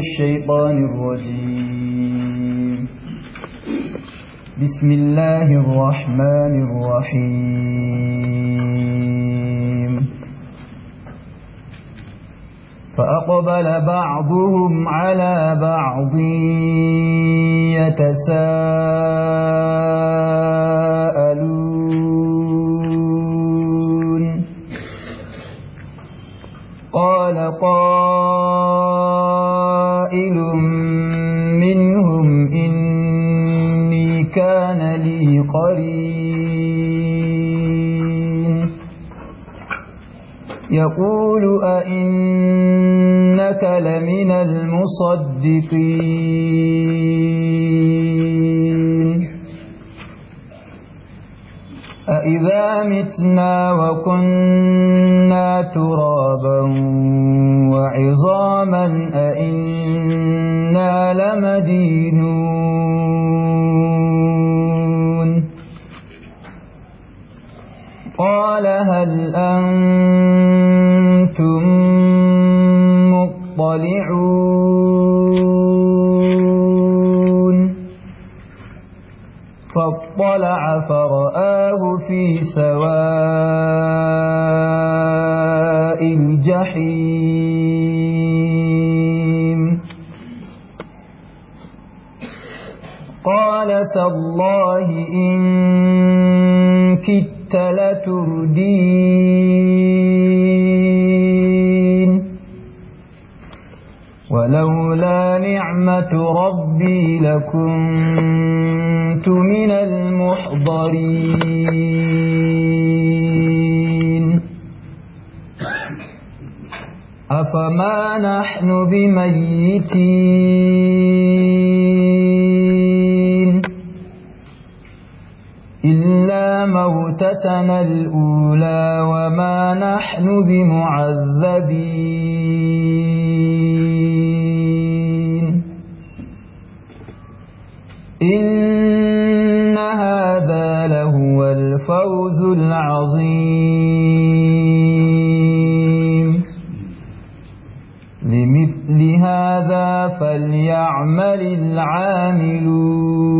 الشيطان الرجيم بسم الله الرحمن الرحيم فأقبل بعضهم على بعض يتساءلون قال قال قرين يقول أئنك لمن المصدقين أئذا متنا وكنا ترابا وعظاما أئنا لمدينون قال هل أنتم مطلعون فاطلع فرآه في سواء الجحيم قال تالله إن كدت كنت لتردين ولولا نعمة ربي لكنت من المحضرين أفما نحن بميتين إلا موتتنا الأولى وما نحن بمعذبين إن هذا لهو الفوز العظيم لمثل هذا فليعمل العاملون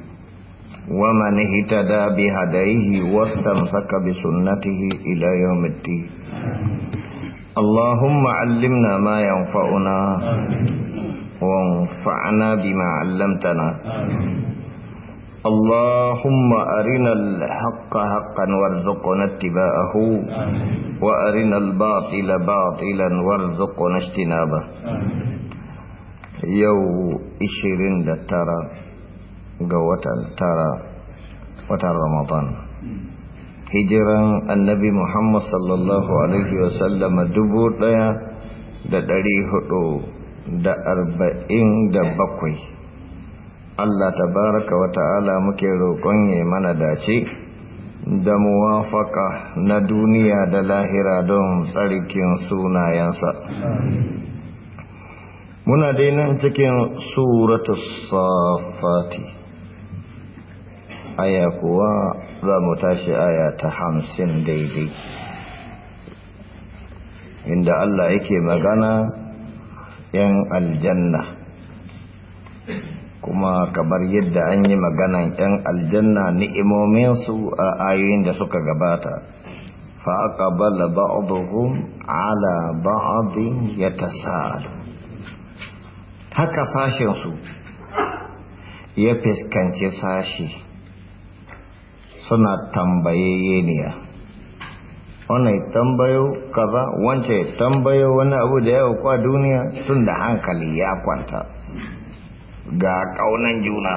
ومن اهتدى بهديه واستمسك بسنته إلى يوم الدين اللهم علمنا ما ينفعنا وانفعنا بما علمتنا اللهم أرنا الحق حقا وارزقنا اتباعه وأرنا الباطل باطلا وارزقنا اجتنابه يو إشرين لترى ga watan tara watan ramadan hijiran annabi muhammad sallallahu alaihi wasallam dubu daya da dari hudu da arba'in da bakwai allah tabaraka wa ta'ala muke roƙon ya mana dace da muwafaka na duniya da lahira don tsarkin sunayensa muna dai nan cikin suratul safati aya kuwa za mu tashi aya ta hamsin daidai inda Allah yake magana ‘yan aljanna kuma kamar yadda an yi maganan ‘yan aljanna ni'imominsu a ayoyin da suka gabata Fa fa'aƙabala ba'aduhum ala ba'adin ya tasa'adu haka sashensu ya fuskanci sashi suna ya wannan tambayo kaza wance tambayo wani abu da yawa kwa duniya tun da hankali ya kwanta ga kaunan juna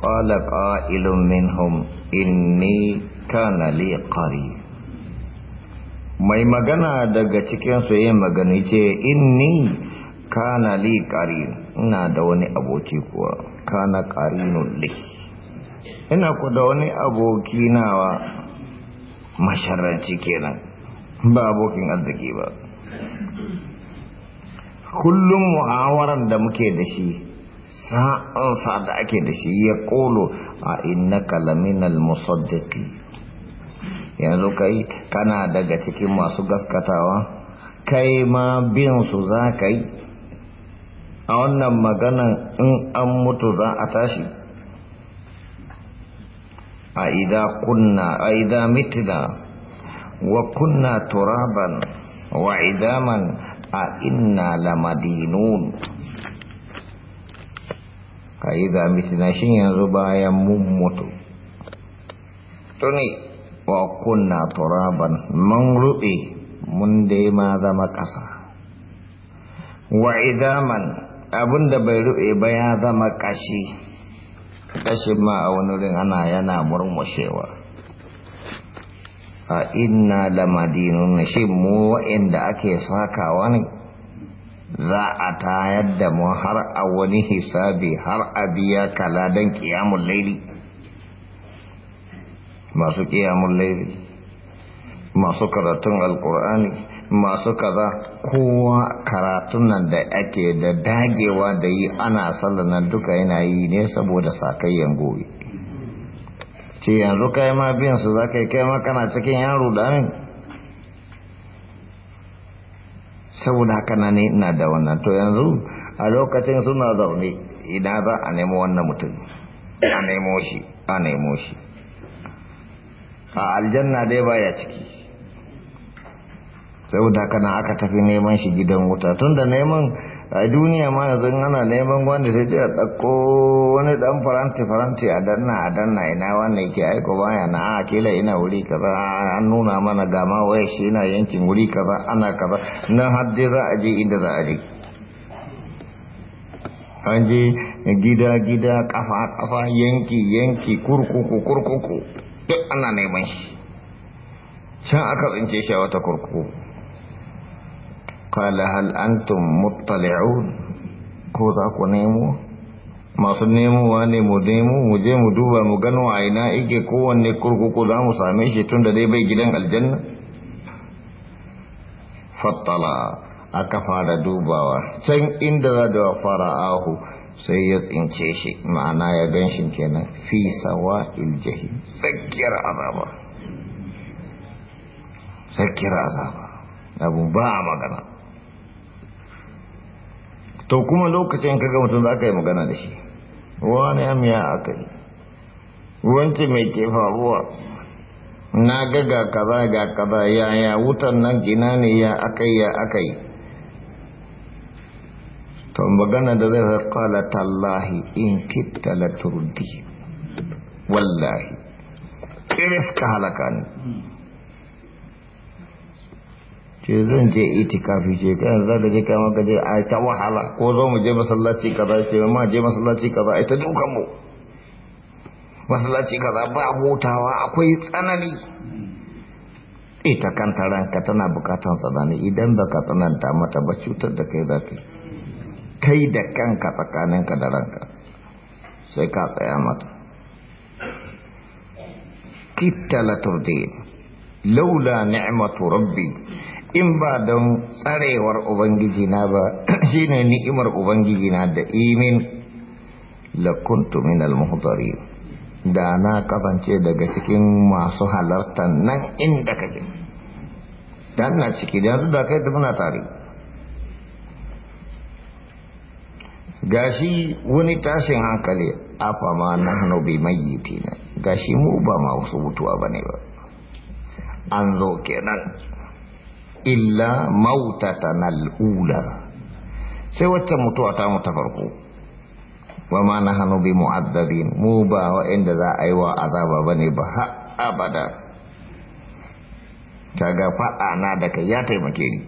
qala qa'ilun minhum inni kana li mai magana daga cikinsu yin magani ce inni kana li ƙari ina da wani aboki kuwa kana ƙari nulli ina ku da wani aboki nawa masharranci kenan ba abokin arziki ba kullum muhawaran da muke da shi sa'ansa da ake da shi ya kolo a ina kalaminal musaddiqi yanzu kai kana daga cikin masu gaskatawa kai ma bin su za ka yi a wannan maganan in an mutu za a tashi a idha kunna a mitna wa kunna turaban wa idaman a inna lamadinun a idha mitna shin yanzu bayan mun mutu tuni wa kunna turaban mun ruɓe mun dai ma zama ƙasa wa idaman abinda bai ruɓe ba ya zama ƙashi kashin ma a wani wurin ana yana murmushewa a inna lamadinun shi mu wa'inda ake sakawa ne za a tayar da mu har a wani hisabi har a biya kala don kiyamun laili masu kiyamun laili masu karatun alkur'ani masu kaza kowa karatun nan da ake da dagewa da yi ana nan duka yana yi ne saboda sakayyan gobe ce yanzu kai ma biyan su za ka yi kai ma kana cikin yaro da ne saboda haka na ne ina da wannan to yanzu a lokacin suna zaune ina za a nemo wannan mutum a nemo shi a nemo shi a aljanna dai baya ciki saboda haka nan aka tafi neman shi gidan wuta tun da neman a duniya ma yanzu ana neman wanda sai dai a ɗakko wani ɗan faranti faranti a danna a danna ina wanda yake aiko baya na a kila ina wuri kaza an nuna mana gama waya shi ina yankin wuri kaza ana kaza nan har dai za a je inda za a je an je gida gida ƙasa ƙasa yanki yanki kurkuku kurkuku duk ana neman shi can aka tsince shi a wata kurkuku قال hal antum muttali'un ko za ku nemo masu mu nemo mu je mu duba mu gano a ina ike kowanne kurkuku za mu same shi tun da dai bai gidan aljanna fattala aka fara dubawa can inda za da fara'ahu sai ya tsince shi ma'ana ya gan shi kenan fi sawa iljahi tsakiyar azaba tsakiyar azaba abu ba a magana to kuma lokacin ga mutum za ka yi magana da shi wani amiya a kai wance mai ke faruwa na ga ga kaza ga kaza ya wutan nan gina ne ya akai ya akai to magana da zai fa tallahi in kitta la turdi wallahi kiris ka halaka ne ke zan je itikafi ce kai yanzu ka je kai maka je a ta wahala ko zo mu je masallaci kaza ce ma je masallaci kaza ai ta dukan mu masallaci kaza ba hutawa akwai tsanani ita eh, kanta ranka tana bukatan tsanani idan baka tsananta mata ba cutar da kai za kai da kanka tsakaninka da ranka sai ka tsaya mata kitta la turdi laula ni'matu rabbi in ba don tsarewar ubangiji na ba shine ni'imar ubangiji na da imin lakuntu min da na kasance daga cikin masu halartar nan inda kake dan na ciki da yanzu da kai da muna tare gashi wani tashin hankali na ma nahnu bi mayyitina gashi mu ba ma wasu mutuwa ba ne ba an zo kenan illa mautatana al'ula sai wacce mutuwa ta mu ta farko wa ma na hannu bi mu'addabin mu ba wa'inda za a yi wa azaba ba ne ba ha abada kaga fa'a na da kai ya taimake ni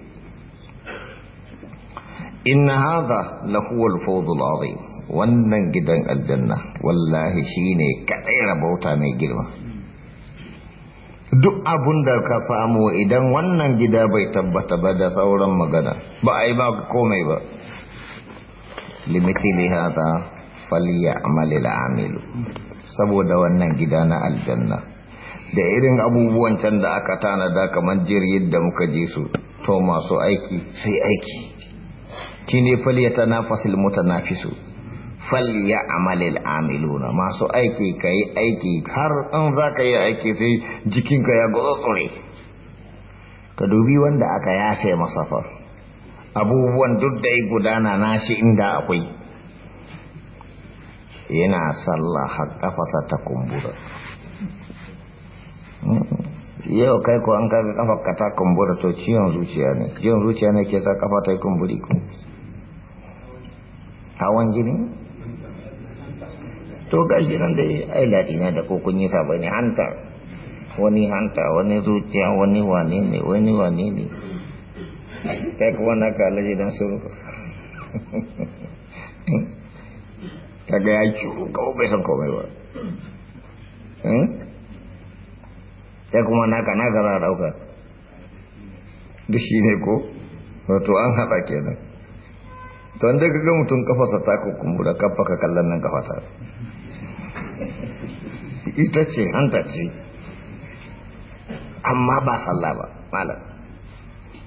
inna hadha lahuwal fawzul azim wannan gidan aljanna wallahi shine kadai rabauta mai girma duk abun da ka samu idan wannan gida bai tabbata ba da sauran magana ba a yi ba komai ba limitili hada faliya amalil amilu saboda wannan gida na aljanna da irin abubuwan can da aka tanada kamar jirgin da muka ji su to masu aiki sai aiki shine faliya fi mutanafisu falya amalil amiluna masu aiki ka yi aiki har in za ka yi aiki sai jikinka ya gotsotsore ka dubi wanda aka yafe masafar abubuwan duk da ya gudana na shi inda akwai yana sallah har kafasa ta kumbura yau kai ko an kafa kafa ka ta kumbura to ciwon zuciya ne ciwon zuciya ne ke sa kafa ta kumburi hawan jini to ga shi nan da ai ladina da ko kun yi sabai ne hanta wani hanta wani zuciya wani wane ne wani wane ne kai kuma na kala gidan su kaga ya ciwo kawo bai san komai ba hmm? kai kuma na kana gara a dauka da shi ne ko wato an haɗa kenan to an daga ga mutum kafasa ta kumbura kafa ka kallon nan kafata ita ce hanta ce amma ba sallah ba malam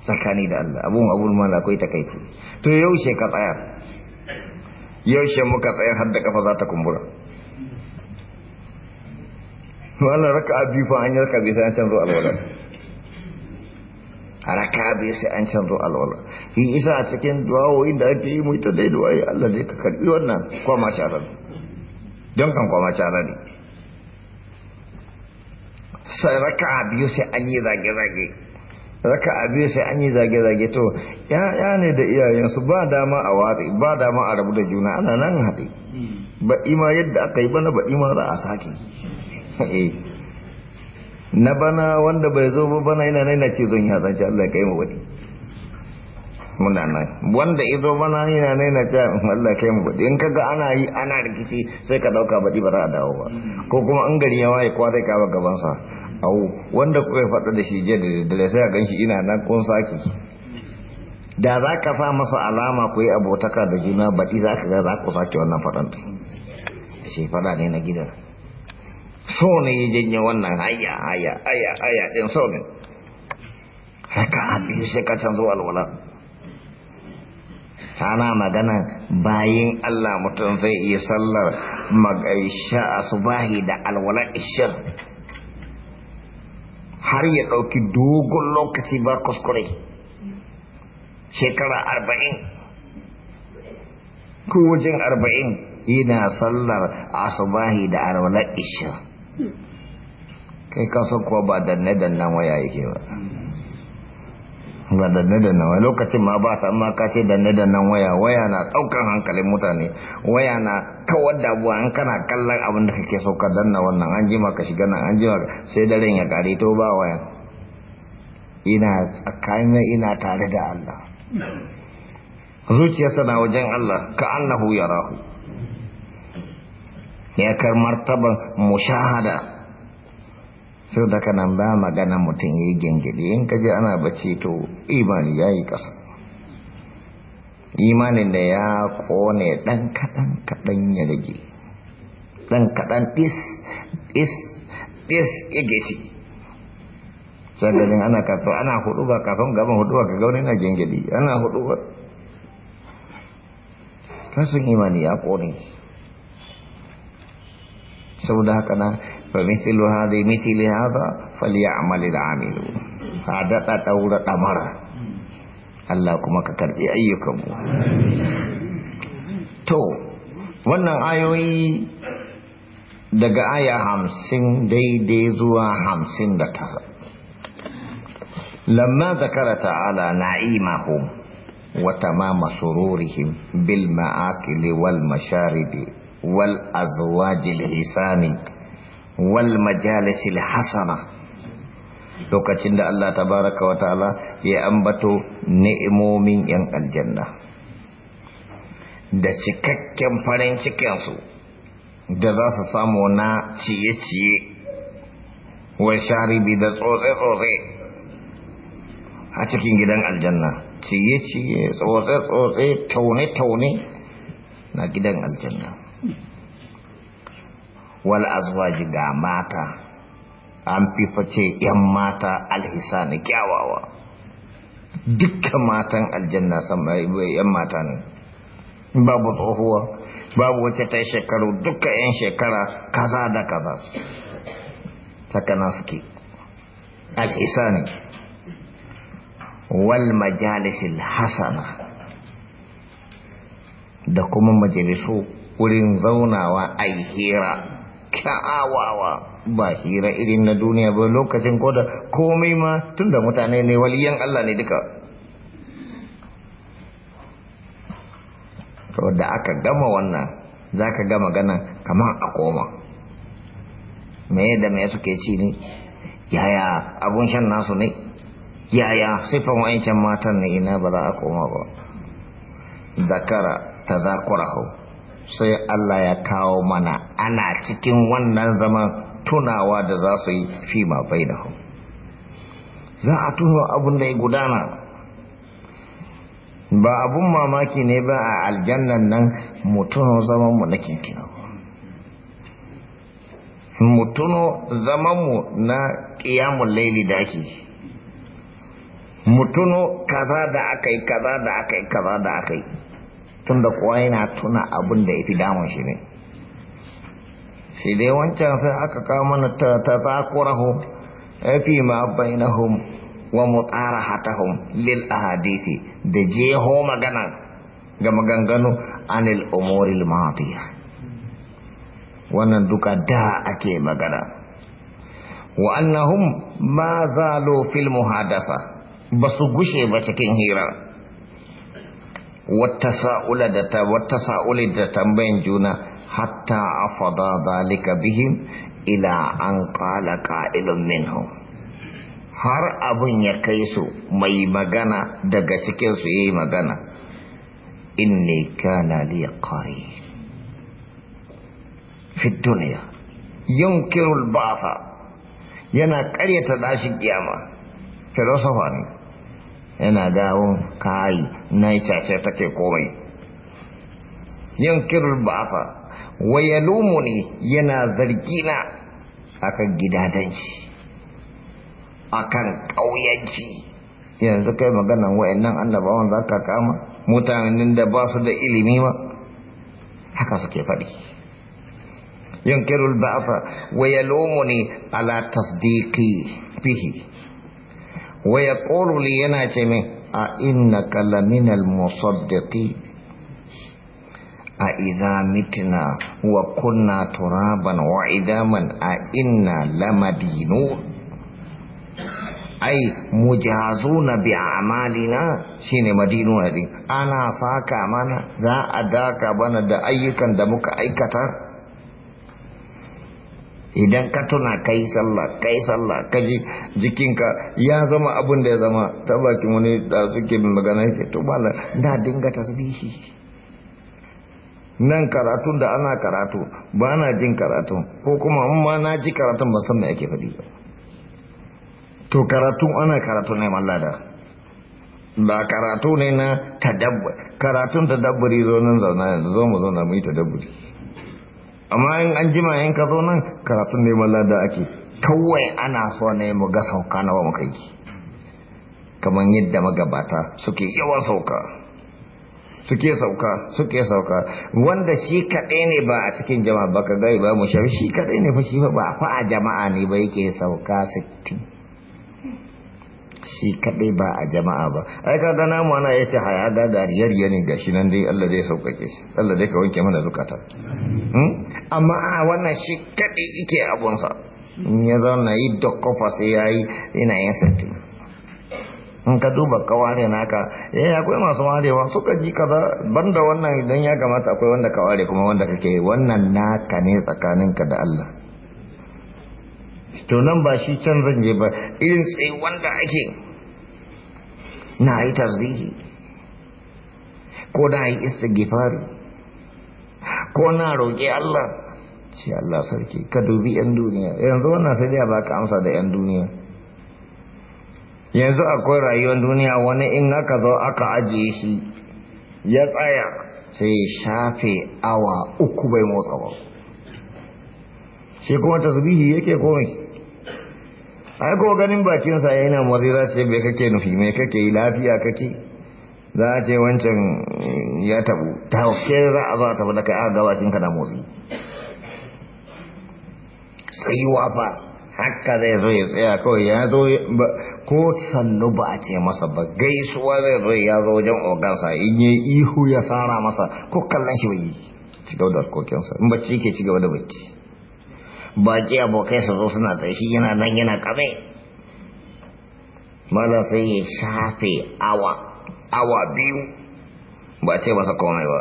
tsakani da Allah abun abun mala akwai ce to yaushe ka tsaya yaushe muka tsaya har da kafa za ta kumbura wala raka abi fa an yarka bi sai an canzo alwala raka bi sai an canzo alwala yi isa a cikin duwawoyin da ake yi mu ita dai duwaye Allah zai ka karbi wannan ko ma sha Allah kan kwama cara ne sai raka a biyu sai an yi zage-zage raka a biyu sai an yi zage-zage to ya ne da iyayensu ba dama a ware ba dama a rabu da juna ana nan haɗe ba ima yadda aka yi bana ba ima za a sake eh. na bana wanda bai zo ba bana yana naina ce zon ya zance Allah ya kai mu wani muna nan wanda izo mana yana ne na ce Allah kai mu in ga ana yi ana rikici sai ka dauka baɗi ba za a dawo ba ko kuma an gari ya waye kuwa zai kawo gaban sa au wanda kuka faɗa da shi je da dare sai a ganshi ina nan kun saki da za ka sa masa alama ku yi abotaka da juna baɗi za ka ga za ku sake wannan faɗan shi faɗa ne na gidan so ne ya janye wannan haya haya haya haya ɗin so ne haka abin sai ka canzo alwala ana magana bayin Allah mutum zai iya sallar magaisha a subahi da alwalar ishir har ya ɗauki dogon lokaci ba kuskure shekara arba'in ko arba'in yana sallar a subahi da alwalar ishir kai kasan kuwa ba danne-dannen waya yake ba ba danne danne lokacin ma ba ta amma ka ce danne waya waya na ɗaukan hankalin mutane waya na kawar da abuwa an kana kallon abin da kake so ka danna wannan an jima ka shiga nan an jima sai daren ya kare to ba waya ina tsakanin ina tare da Allah zuciyarsa na wajen Allah ka annahu yarahu ya kar martaban mushahada sau da nan ba magana mutum ya yi gengede yin kaji ana bace to imani ya yi ƙasa imanin da ya ƙone ɗan kaɗan kaɗan ya rage ɗan kaɗan ɗis ɗis ɗis ya gaci sannan ana kafin ana hudu ba kafin gaban hudu ba ka gauni na gengede ana hudu ba kasan imani ya ƙone da haka na فمثل هذه مثل هذا فليعمل العامل هذا تدور دمرة Allah kuma ka karbi ayyukanmu to wannan ayoyi daga aya hamsin daidai zuwa hamsin da tara lamma zakara ta'ala na'imahum Wata ma sururihim bil ma'akili wal masharidi, wal azwajil hisani wal majalisil hasana lokacin da Allah tabaraka wa ta'ala ya ambato ni'imomin yan aljanna da cikakken farin su da za su samu na ciye-ciye wa sharibi da tsotse-tsotse a cikin gidan aljanna ciye-ciye tsotse-tsotse taune-taune na gidan aljanna wal azwaji ga mata an fi fice yan mata alhisa kyawawa dukkan matan aljanna sama yan mata ne babu tsohuwa babu wacce ta yi shekaru duka yan shekara kaza da kaza takana suke alhisa wal majalisil hasana da kuma majalisu wurin zaunawa a hira ka'awawa ba hira irin na duniya ba lokacin koda komai ma tun da mutane ne waliyan Allah ne duka to da aka gama wannan za ka gama ganin kamar a koma me da me suke ci ne yaya abun shan nasu ne yaya siffan wa'ancan matan ne ina ba za a koma ba zakara ta zakura hau sai Allah ya kawo mana ana cikin wannan zaman tunawa da za su yi fi ma bai da za a tuno abin da ya gudana ba abun mamaki ne ba a aljannan nan mutuno zamanmu na kinkina mutuno zamanmu na ƙiyamun laili da ake mutuno kaza da aka yi kaza da aka yi kaza da aka yi tunda kowa yana tuna abin da ya fi damun shi ne sai dai wancan sai aka kawo mana ta zakurahu fi ma bainahum wa mutarahatahum lil ahadisi da jeho magana ga maganganu anil umuril madiya wannan duka da ake magana wa annahum ma zalo fil Ba basu gushe ba cikin hira wata sa'ula da ta da juna hatta fada zalika bihim ila an kala qa'ilun minhum har abin ya kai su mai magana daga cikin su yayi magana inni kana li qari fi dunya yunkiru kirul batha yana ƙaryata dashi kiyama filosofa ne yana dawo kayi na ta take komai yin kirar ba'afa waya lumu ne yana zargina akan gidadanci akan ƙauyanci yanzu kai maganan wa'annan annabawan za ka kama mutanen da ba su da ilimi ba haka suke faɗi yunkirul ba'afa waya lumu ne ala tasdiqi fihi. wa yaqulu yana ce min a innaka kalaminal musaddiqi a idza mitina wa kunna turaban wa idaman a inna lamadinu ai mujazuna bi amalina shine madinu ne ana saka mana za a daka bana da ayyukan da muka aikata idan ka tuna kai sallah kai sallah ka ji jikinka ya zama abin da ya zama ta baki wani da suke magana yake to ba da dinga tasbihi nan karatun da ana karatu ba na jin karatu ko kuma in ma na ji karatun ba san me ake faɗi ba to karatu ana karatu ne mallada ba karatu ne na tadabbur karatun tadabburi zo nan zauna yanzu zo mu zauna mu yi tadabburi amma in an jima in ka zo nan karatun neman lada ake kawai ana so ne mu ga sauka na wa muka yi kamar yadda magabata suke yawan sauka suke sauka suke sauka wanda shi kaɗai ne ba a cikin jama'a ba ka gai ba mu shi kaɗai ne fa shi ba a jama'a ne ba yake sauka sittin shi kadai ba a jama'a ba ai ka ga namu ana yace haya ga gariyar yane shi nan dai Allah zai saukake shi Allah zai ka wanke mana zukata hmm? amma a wannan shi kadai yake abun sa in ya zauna yi da kofa sai yayi ina yin Sati. in ka duba ka naka eh akwai masu warewa suka ji kaza banda wannan idan ya kamata akwai wanda ka ware kuma wanda kake wannan naka ne tsakaninka da Allah to nan ba shi can zan je ba irin tsaye wanda ake na yi tasbihi ko na yi gifari ko na roƙe Allah ce Allah sarki ka dubi yan duniya yanzu wannan sai ba baka amsa da yan duniya yanzu akwai rayuwar duniya wani in aka zo aka ajiye shi ya tsaya sai shafe awa uku bai motsa ba shi kuma tasbihi yake komai ai ko ganin bakinsa yana motsi za ce bai kake nufi mai kake yi lafiya kake za a ce wancan ya tabu ta hauke za a zo a tabu da ka aka ka na motsi tsayuwa fa haka zai zo ya tsaya kawai ya zo ko sannu ba a ce masa ba gaisuwa zai zo ya zo wajen ogansa in yi ihu ya sara masa ko kallon shi bai yi ci da harkokinsa in bacci yake ci gaba da bacci baki abokai su zo suna ta shi yana nan yana kame mala sai ya shafe awa awa biyu ba ce masa komai ba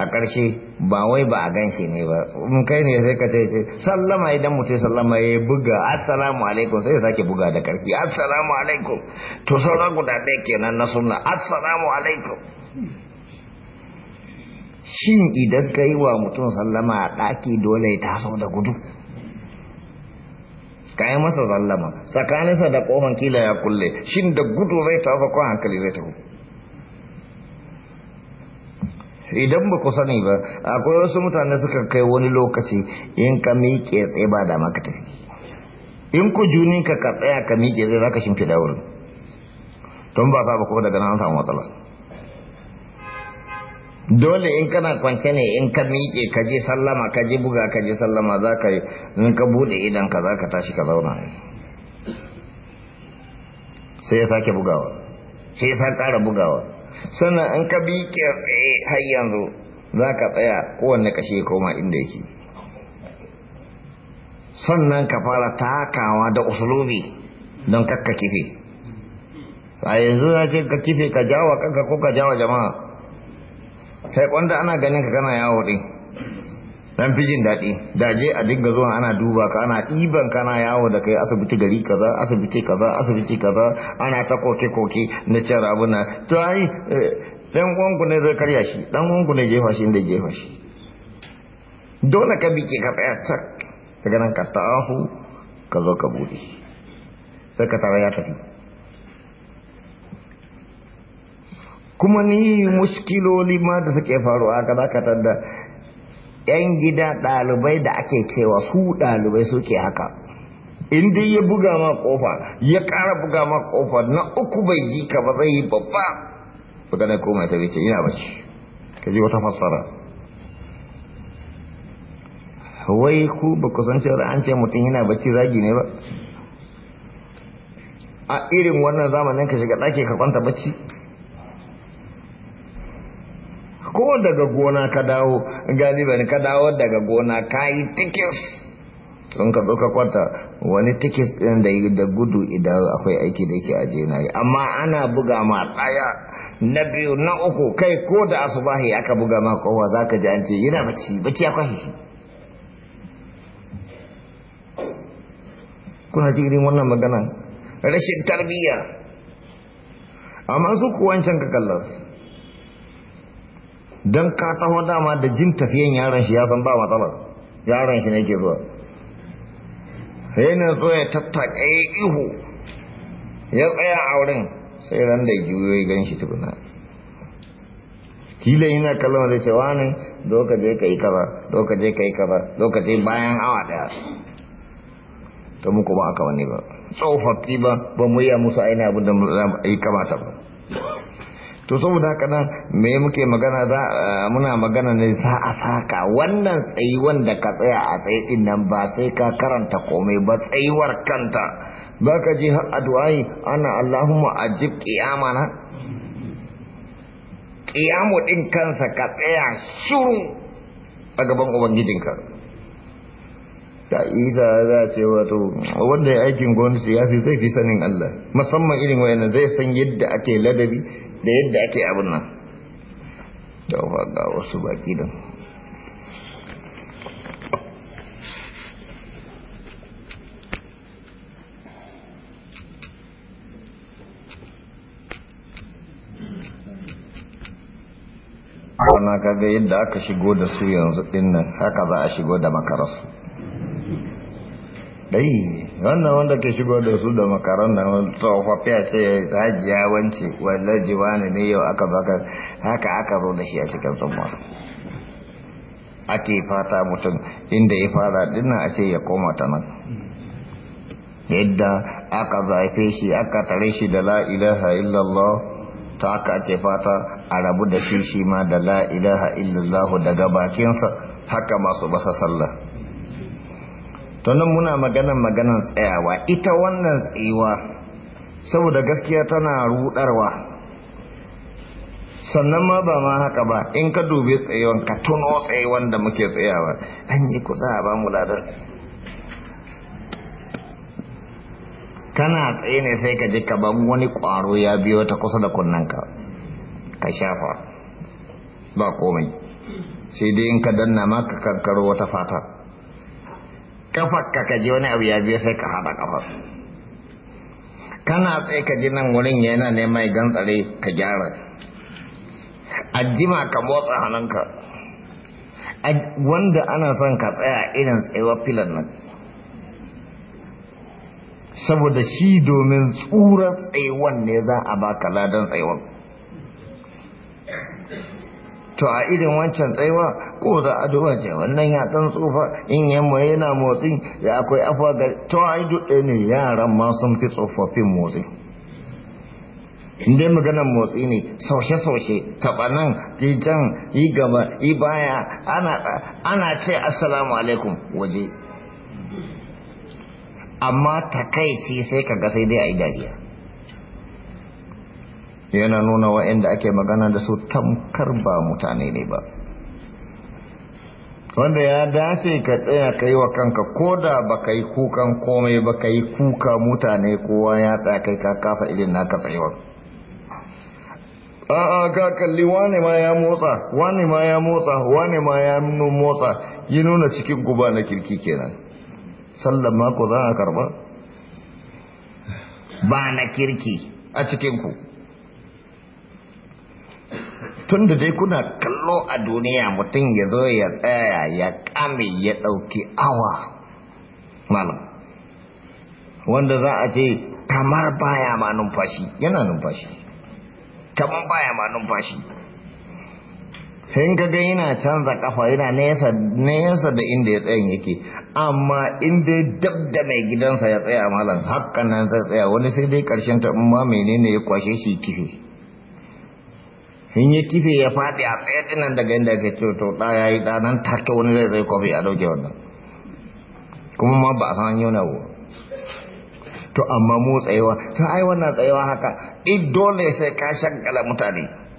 a ƙarshe ba wai ba a gan shi ne ba in kai ne sai ka ce sallama idan mutum sallama ya buga assalamu alaikum sai ya sake buga da ƙarfi assalamu alaikum to sauran guda ɗaya kenan na sunna assalamu alaikum shin idan ka yi wa mutum sallama a ɗaki dole ya taso da gudu ka yi masa sallama tsakaninsa da ƙofan kila ya kulle shin da gudu zai taso ko hankali zai tafi idan ba ku sani ba akwai wasu mutane suka kai wani lokaci in ka miƙe tsaye ba da maka tafi in ku juninka ka tsaya ka miƙe zai za ka shimfi da wurin tun ba sa ba kuma daga nan samu matsala dole in kana kwance ne in ka miƙe ka je sallama ka je buga ka je sallama za ka in ka buɗe idan ka za ka tashi ka zauna sai ya sake bugawa sai ya sake ƙara bugawa sannan in ka miƙe tsaye har yanzu za ka tsaya kowanne kashe ya koma inda yake sannan ka fara takawa da usulobi don kakka kife a yanzu za ka kife ka jawa kanka ko ka jawa jama'a kai kwanda ana ganin ka kana yawo din dan fi jin daɗi da je a dinga zuwa ana duba ka ana ɗiban kana yawo da kai asibiti gari kaza asibiti kaza asibiti kaza ana ta koke koke na cin rabuna to ai dan eh, uwanku ne zai karya shi dan uwanku ne jefa shi inda jefa shi dole ka bi ke ka tsaya tsak daga nan ka tahu ka zo ka bude sai ka tara ya tafi kuma ni muskiloli ma da suke faruwa ka za ka tada yan gida ɗalibai da ake cewa su ɗalibai suke haka in dai ya buga ma kofa ya ƙara buga ma kofa na uku bai ji ka ba zai yi babba buga na koma ta bice ina bace ka ji wata fassara wai ku ba ku san an ce mutum yana bacci zagi ne ba a irin wannan zamanin ka shiga ɗaki ka kwanta bacci ko daga gona ka dawo galiban ka dawo daga gona ka yi tikis tun ka ɗauka kwata wani tikis ɗin da yi da gudu idan akwai aiki da ke aje na yi amma ana buga ma ɗaya na biyu na uku kai ko da asubahi aka buga ma kowa za ka ji an ce yana bacci bacci ya kwashe kuna ji irin wannan magana rashin tarbiyya amma su kuwancin ka don ka taho dama da jin tafiyan yaron shi ya san ba matsala yaron shi ne ke zuwa sai na zo ya tattaka ya ihu ya tsaya a wurin sai ran da juyo ya gan shi tukuna kila yana kallon da ce wani doka je ka yi kaza doka je ka yi kaza doka je bayan awa daya to mu kuma aka wani ba tsofaffi ba ba mu yi musu aina abin da mu yi kamata ba to saboda haka nan me muke magana za muna magana ne sa a saka wannan tsayi wanda ka tsaya a tsaye din nan ba sai ka karanta komai ba tsayuwar kanta ba ka ji har addu'ai ana Allahumma ajib qiyamana qiyamu din kansa ka tsaya shiru a gaban ubangijinka ka isa za a ce wato wanda ya aikin gwamnati ya fi zai fi sanin Allah musamman irin wayanda zai san yadda ake ladabi da yadda ake abin nan da ga wasu baki don ana kaga yadda aka shigo da su yanzu dinnan haka za a shigo da makarasu dai wannan wanda ke shigo da su da makaran nan tsofaffi a ce hajiya wance wanda wani ne yau aka baka haka aka zo da shi a cikin tsumma ake fata mutum inda ya fara dinnan a ce ya koma ta nan yadda aka zaife shi aka tare shi da la ilaha illallah ta aka ake fata a rabu da shi shi ma da la ilaha illallah daga bakinsa haka masu basa sallah to nan muna maganan maganan tsayawa ita wannan tsayuwa saboda gaskiya tana rudarwa sannan ma ba ma haka ba in ka dubi tsayawan ka tuno tsayawan da muke tsayawa an yi kuɗa a ba mu ladan kana tsaye ne sai ka ji ka wani ƙwaro ya biyo ta kusa da kunnanka ka shafa ba komai sai dai in ka danna ma ka kankaro wata fata kafar ka kaji wani abu ya biya sai ka haɗa kafar kana tsaye ka ji nan wurin yana neman gantsare ka gyara ajima ka motsa hannunka wanda ana son ka tsaya irin tsayuwar filan nan saboda shi domin tsura tsayuwan ne za a baka ladan tsayuwan to a irin wancan tsaiwa ko za a duba ce wannan ya dan tsufa in yamma yana motsi ya akwai afuwa ga to ai duk ne yaran ma sun fi tsofaffin motsi in dai maganar motsi ne saushe-saushe taɓanan gijan yi gaba yi baya ana ce assalamu alaikum waje amma takaici sai kaga sai dai a yi dariya yana nuna inda ake magana da su tamkar ba mutane ne ba wanda ya dace ka tsaya ka yi wa kanka ko da ba ka yi kukan komai ba ka yi kuka mutane kowa ya tsaya kai ka kasa irin naka a a'a ka kalli wane ma ya motsa wane ma ya motsa wane ma ya motsa yi nuna cikin guba na kirki kenan sallan mako za a karba ba na kirki a cikinku tun da dai kuna kallo a duniya mutum ya zo ya tsaya ya kame ya ɗauki awa malam wanda za a ce kamar baya ma numfashi yana numfashi kamar baya ma numfashi sai ka yana canza kafa yana nesa da inda ya tsayin yake amma inda dab da mai gidansa ya tsaya malam hakan nan zai tsaya wani sai dai karshen ta ma menene ya kwashe shi kife in ya kife ya faɗi a tsaye dinan daga inda ke ce to ɗa ya yi ɗanan take wani zai zai kwafi a ɗauke wannan kuma ma ba a san yau na wuwa to amma mu tsayewa to ai wannan tsayewa haka duk dole sai ka shagala mutane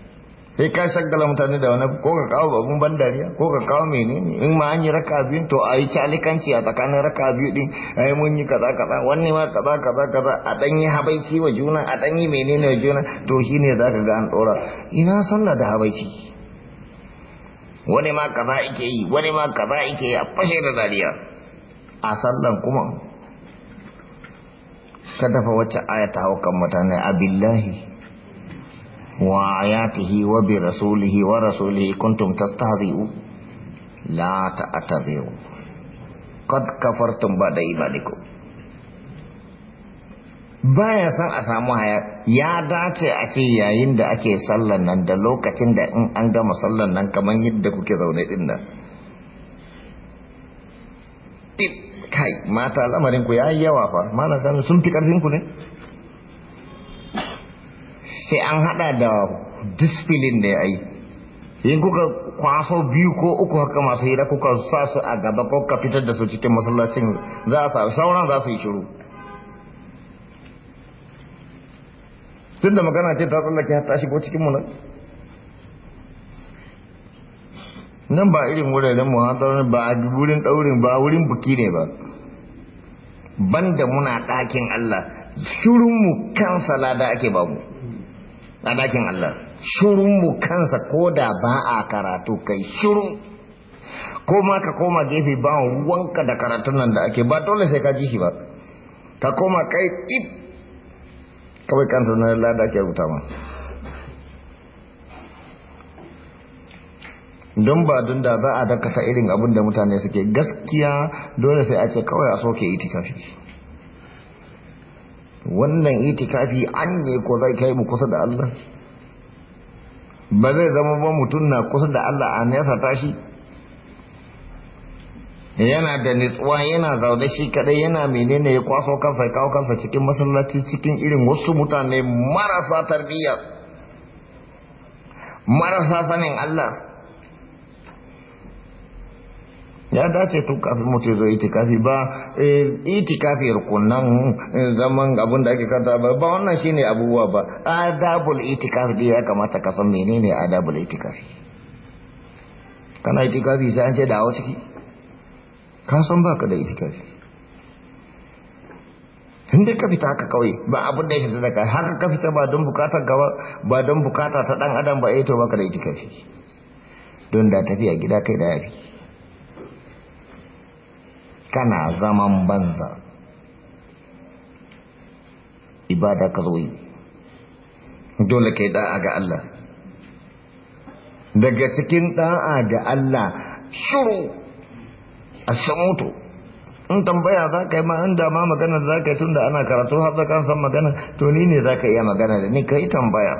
sai ka shagala mutane da wani ko ka kawo babun ban dariya ko ka kawo menene in ma an yi raka biyu to a yi calikanci a tsakanin raka biyu din ai mun yi kaza kaza wanne ma kaza kaza kaza a dan yi habaici wa juna a dan yi menene wa juna to shine zaka ga an dora ina sallah da habaici wani ma kaza ike yi wani ma kaza ike yi a fashe da dariya a sallan kuma ka dafa wacce ayata ta kan mutane a billahi وآياته وبرسوله ورسوله كنتم تستهزئوا لا تعتذروا قد كفرتم بعد إيمانكم baya san a samu haya ya dace a ce yayin da ake sallan nan da lokacin da in an gama sallan nan kamar yadda kuke zaune din nan kai mata lamarin ku yayi yawa fa malaka sun fi karfin ku ne sai an hada da disfilin ya yi in kuka kwaso biyu ko uku haka masu hira kuka sa su a gaba ko ka fitar da su cikin masallacin za a sa sauran za su yi shiru tun da magana ce ta tsallake ta shigo cikin mu nan nan ba irin wuraren muhadarar ba a wurin daurin ba wurin buki ne ba banda muna ɗakin Allah shirunmu kan salada ake bamu na dakin Allah shirin mu kansa ko da ba a karatu kai shirun. ko ma ka koma gefe ba ruwanka da karatun nan da ake ba dole sai ka ji shi ba ka koma kai ip kawai kansa na lada ke rubuta ma don ba don da za a dakata irin abin da mutane suke gaskiya dole sai a ce kawai a soke itikafi wannan itikafi an ne ko zai kai mu kusa da Allah ba zai zama ba mutum na kusa da Allah a nesa tashi yana da nitsuwa yana zaune shi kadai yana menene ya kwaso kansa ya kawo kansa cikin masallaci cikin irin wasu mutane marasa tarbiyya marasa sanin Allah ya dace tun kafin mutum zo itikafi ba eh, itikafi rukunan eh, zaman abin da ake kanta ba ba wannan shine abubuwa ba adabul itikafi dai ya kamata ka san menene adabul itikafi kana itikafi sai an ce da awa ciki ka san ka da itikafi in ka fita haka kawai ba abin da ya fita daga haka ka fita ba don bukatar gaba ba don bukata ta dan adam ba eh to baka da itikafi don da tafiya gida kai da yafi kana zaman banza ibada ka zo yi dole kai da'a ga Allah daga cikin da'a ga Allah shuru a samuto in tambaya za ka yi ma inda ma magana za ka yi tun da ana karatu har da kan san magana to ni ne za ka iya magana da ni ka yi tambaya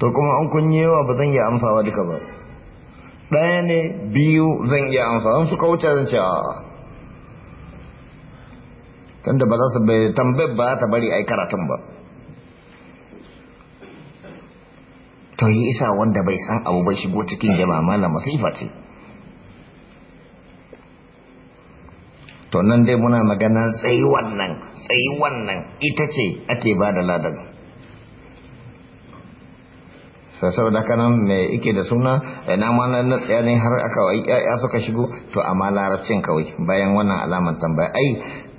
to kuma an kunye yawa ba zan iya amsawa duka ba ɗaya ne biyu zan iya amsawa su kauce zan cewa tunda ba za su tambayar ba ta bari a yi karatun ba to yi isa wanda bai san abu bai shigo cikin jama'a mala masifa ce to nan dai muna magana tsayi wannan tsayi wannan ita ce ake ba da ladan saboda da nan mai ike da suna Ina eh, ma na tsaya har aka wa ya suka shigo to amma larabcin kawai bayan wannan alamar tambaya ai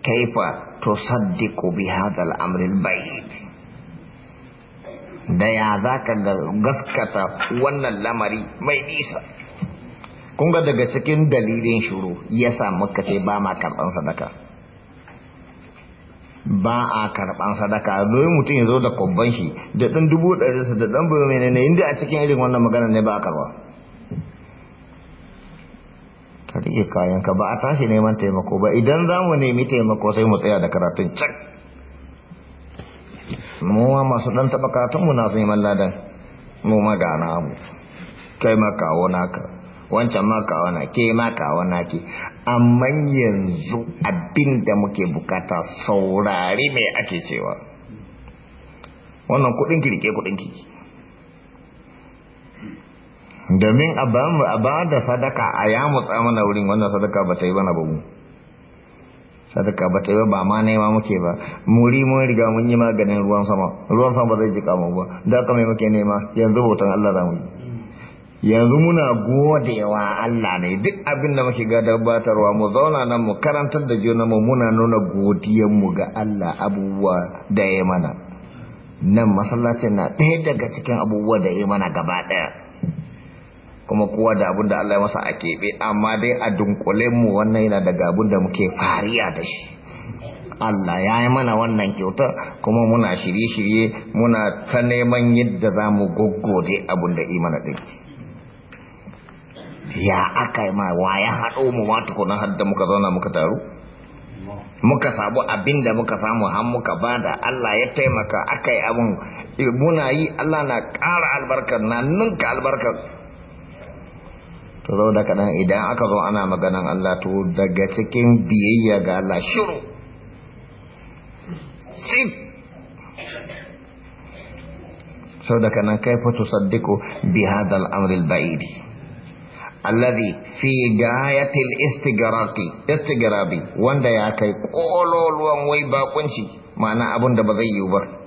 kaifa to bi hadha al-amr al da ya zaka gaskata wannan lamari mai nisa kun ga daga cikin dalilin shuru yasa muka ce ba ma karɓan sadaka ba a karɓan sadaka domin mutum ya zo da kwabban shi da ɗan dubu ɗari da ɗan bume ne inda a cikin irin wannan magana ne ba a karba ka rike kayanka ba a tashi neman taimako ba idan za mu nemi taimako sai mu tsaya da karatun cak mu ma masu dan taba karatun mu na neman ladan mu ma ga na mu kai ma kawo naka wancan ma kawo na ke ma kawo na ke amma yanzu abin da muke bukata saurari mai ake cewa wannan kudin kirke rike kudin domin a ba da sadaka a ya mutsa mana wurin wannan sadaka ba ta yi bana ba mu sadaka ba ta yi ba ma nema muke ba muri mun riga mun yi maganin ruwan sama ruwan sama ba zai jika mu ba da aka mai muke nema yanzu hoton Allah za mu yi yanzu muna godewa Allah ne duk abin da muke gabatarwa mu zauna nan mu karantar da juna mu muna nuna godiyar mu ga Allah abubuwa da ya mana nan masallacin na ɗaya daga cikin abubuwa da ya mana gaba ɗaya kuma kowa da abin da Allah ya masa a keɓe amma dai a dunkule mu wannan yana daga abin da muke fariya da shi Allah ya yi mana wannan kyautar kuma muna shirye-shirye muna ta neman yadda za mu goggode abin da imana ɗin ya aka yi ma wa ya haɗo mu ma tukunan har da muka zauna muka taru muka sabu abin da muka samu har muka bada Allah ya taimaka aka yi abin muna yi Allah na ƙara albarkar na ninka albarkar to zo da kaɗan idan aka zo ana maganan Allah to daga cikin biyayya ga Allah shiru sau da kanan kai fito saddiko bi hadal amril ba'idi alladhi fi gayatil istigraqi istigrabi wanda ya kai kololuwan wai bakunci ma'ana abun da ba zai yi ba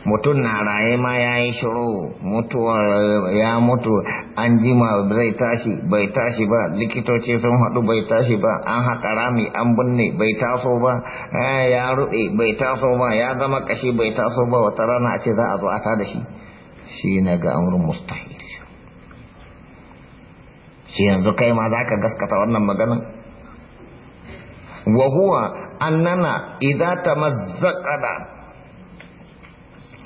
mutum na raye ma ya yi shiru mutuwar ya mutu an jima zai tashi bai tashi ba likitoci sun haɗu bai tashi ba an haƙa rami an binne bai taso ba eh, ya ruɗe bai taso ba ya zama ƙashi bai taso ba wata rana ce za a zo a da shi shi na ga amurin mustahil shi yanzu kai ma za ka gaskata wannan maganin wa huwa annana idza tamazzaqana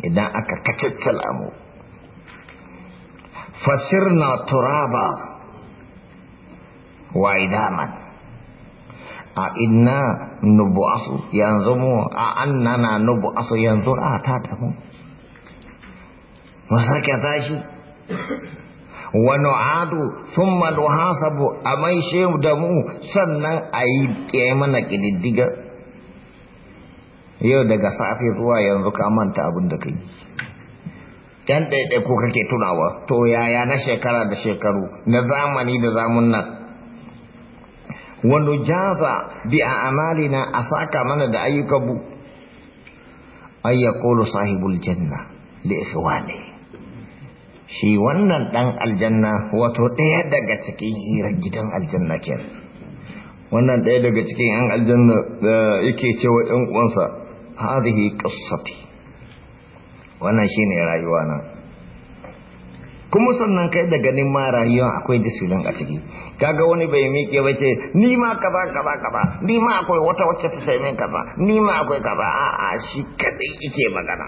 idan aka kaciccal amu fasirna turaba wa idaman a inna asu yanzu mu a annana asu yanzu a ta tamu mu sake tashi wa nu'adu thumma amai shehu da mu sannan ayi mana kididdiga yau daga safe zuwa yanzu ka manta abin da kai dan ɗaiɗai ko kake tunawa to yaya na shekara da shekaru na zamani da zamun nan wani jaza bi a amalina a saka mana da ayyukan bu ayyakolo sahibul janna da ne shi wannan ɗan aljanna wato ɗaya daga cikin hirar gidan aljanna kenan wannan ɗaya daga cikin yan aljanna da eh, yake cewa ɗan uwansa هذه قصتي wannan shine rayuwa na kuma sannan kai da ganin ma rayuwa akwai disulin a ciki kaga wani bai miƙe ba ce ni ma kaza kaza kaza ni ma akwai wata wacce ta sai min kaza ni ma akwai kaza a a shi kadai yake magana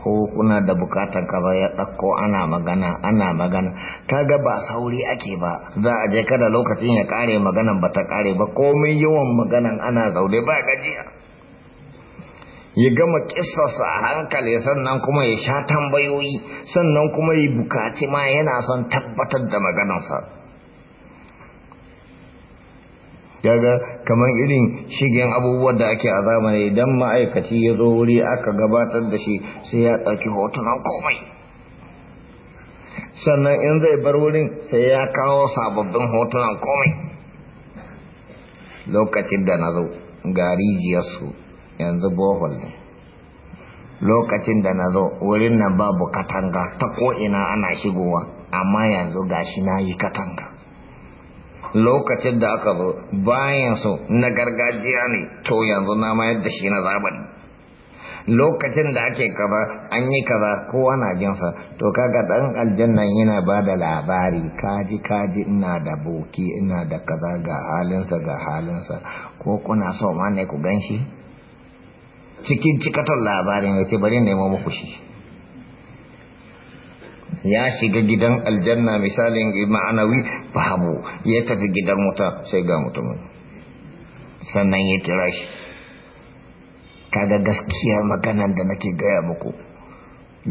ko kuna da bukatan kaza ya dauko ana magana ana magana kaga ba sauri ake ba za a je kada lokacin ya kare maganan ba ta kare ba komai yawan maganan ana zaune ba gajiya ya gama kisarsa a hankali sannan kuma ya sha tambayoyi sannan kuma ya bukaci ma yana son tabbatar da maganarsa daga kamar irin shigen abubuwan da ake a zamani idan ma'aikaci ya zo wuri aka gabatar da shi sai ya ɗauki hotunan komai sannan in zai bar wurin sai ya kawo sababbin hotunan komai lokacin da na zo ga rijiyarsu yanzu bohol ne lokacin da na zo wurin nan babu katanga ta ko'ina ana shigowa amma yanzu gashi na yi katanga lokacin da aka zo bayan su na gargajiya ne to yanzu na mayar da shi na zamani lokacin da ake kaza an yi kaza kowa na jinsa to kaga dan aljannan yana ba da labari kaji kaji ina da boki ina da kaza ga halinsa ga halinsa ko kuna so ma ne ku ganshi cikin cikatar labarin ya ce bari nemo muku shi ya shiga gidan aljanna misalin ma'anawi babu ya tafi gidan wuta sai ga mutumin sannan ya kira shi kaga gaskiya maganan da nake gaya muku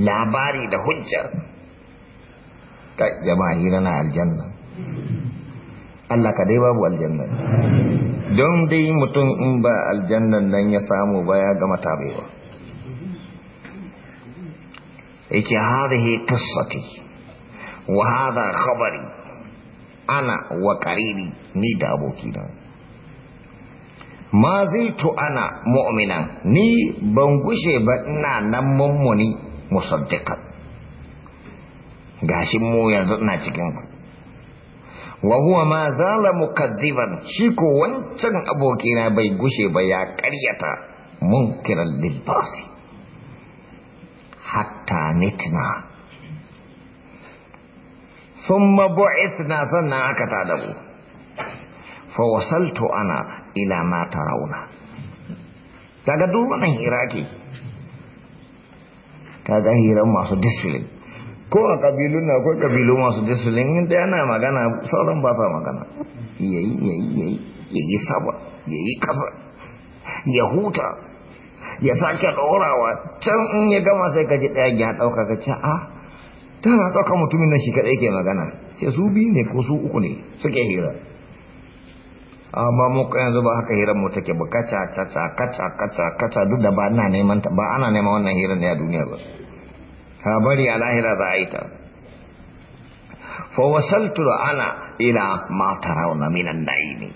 labari da hujja jama'a hira na aljanna Allah ka dai babu aljanna don dai mutum in ba aljannan nan ya samu ba ya gama tabewa yake he kassati wa hada khabari ana wa ni da abokina ma zaitu ana mu'minan ni ban gushe ba ina nan mummuni musaddiqan gashin mu yanzu ina cikin ku wa huwa ma zala mukaddiban shi ko wancan abokina bai gushe ba ya karyata munkiran lil basi hatta nitna thumma bu'ithna sannan aka tadabu fa wasaltu ana ila ma tarawna kaga duk wannan hira ce kaga hiran masu discipline ko a kabilun na akwai kabilu masu disulin inda yana magana sauran ba sa magana yayi yayi yayi yayi saba yayi kasa ya huta ya sake ɗorawa can in ya gama sai ka ji ɗaya ya ɗauka ka ce ah, a ta na ɗauka mutumin nan shi kaɗai ke magana sai su biyu ne ko su uku ne suke hira amma mu yanzu ba haka hirar mu take ba kaca kaca kaca duk da ba ana neman wannan hira ne a duniya ba ka bari a lahira za a yi ta fa ana ina ma tarawna minan na'imi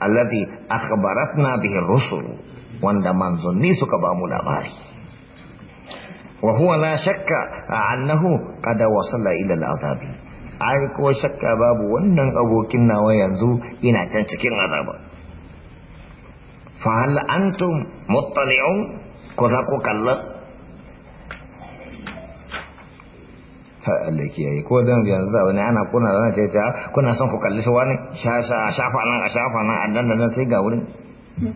alladhi akhbaratna bihi rusul wanda manzanni suka ba mu labari wa huwa la shakka annahu qad wasala ila al-azabi ai ko shakka babu wannan abokin nawa yanzu ina can cikin azaba fa hal antum muttali'un ko za ku kalla. Allah ke yayi ko dan yanzu za wani ana kuna zana ce ta kuna son ku kalli shi wani shasha shafa nan a shafa nan a nan nan sai ga wurin hmm.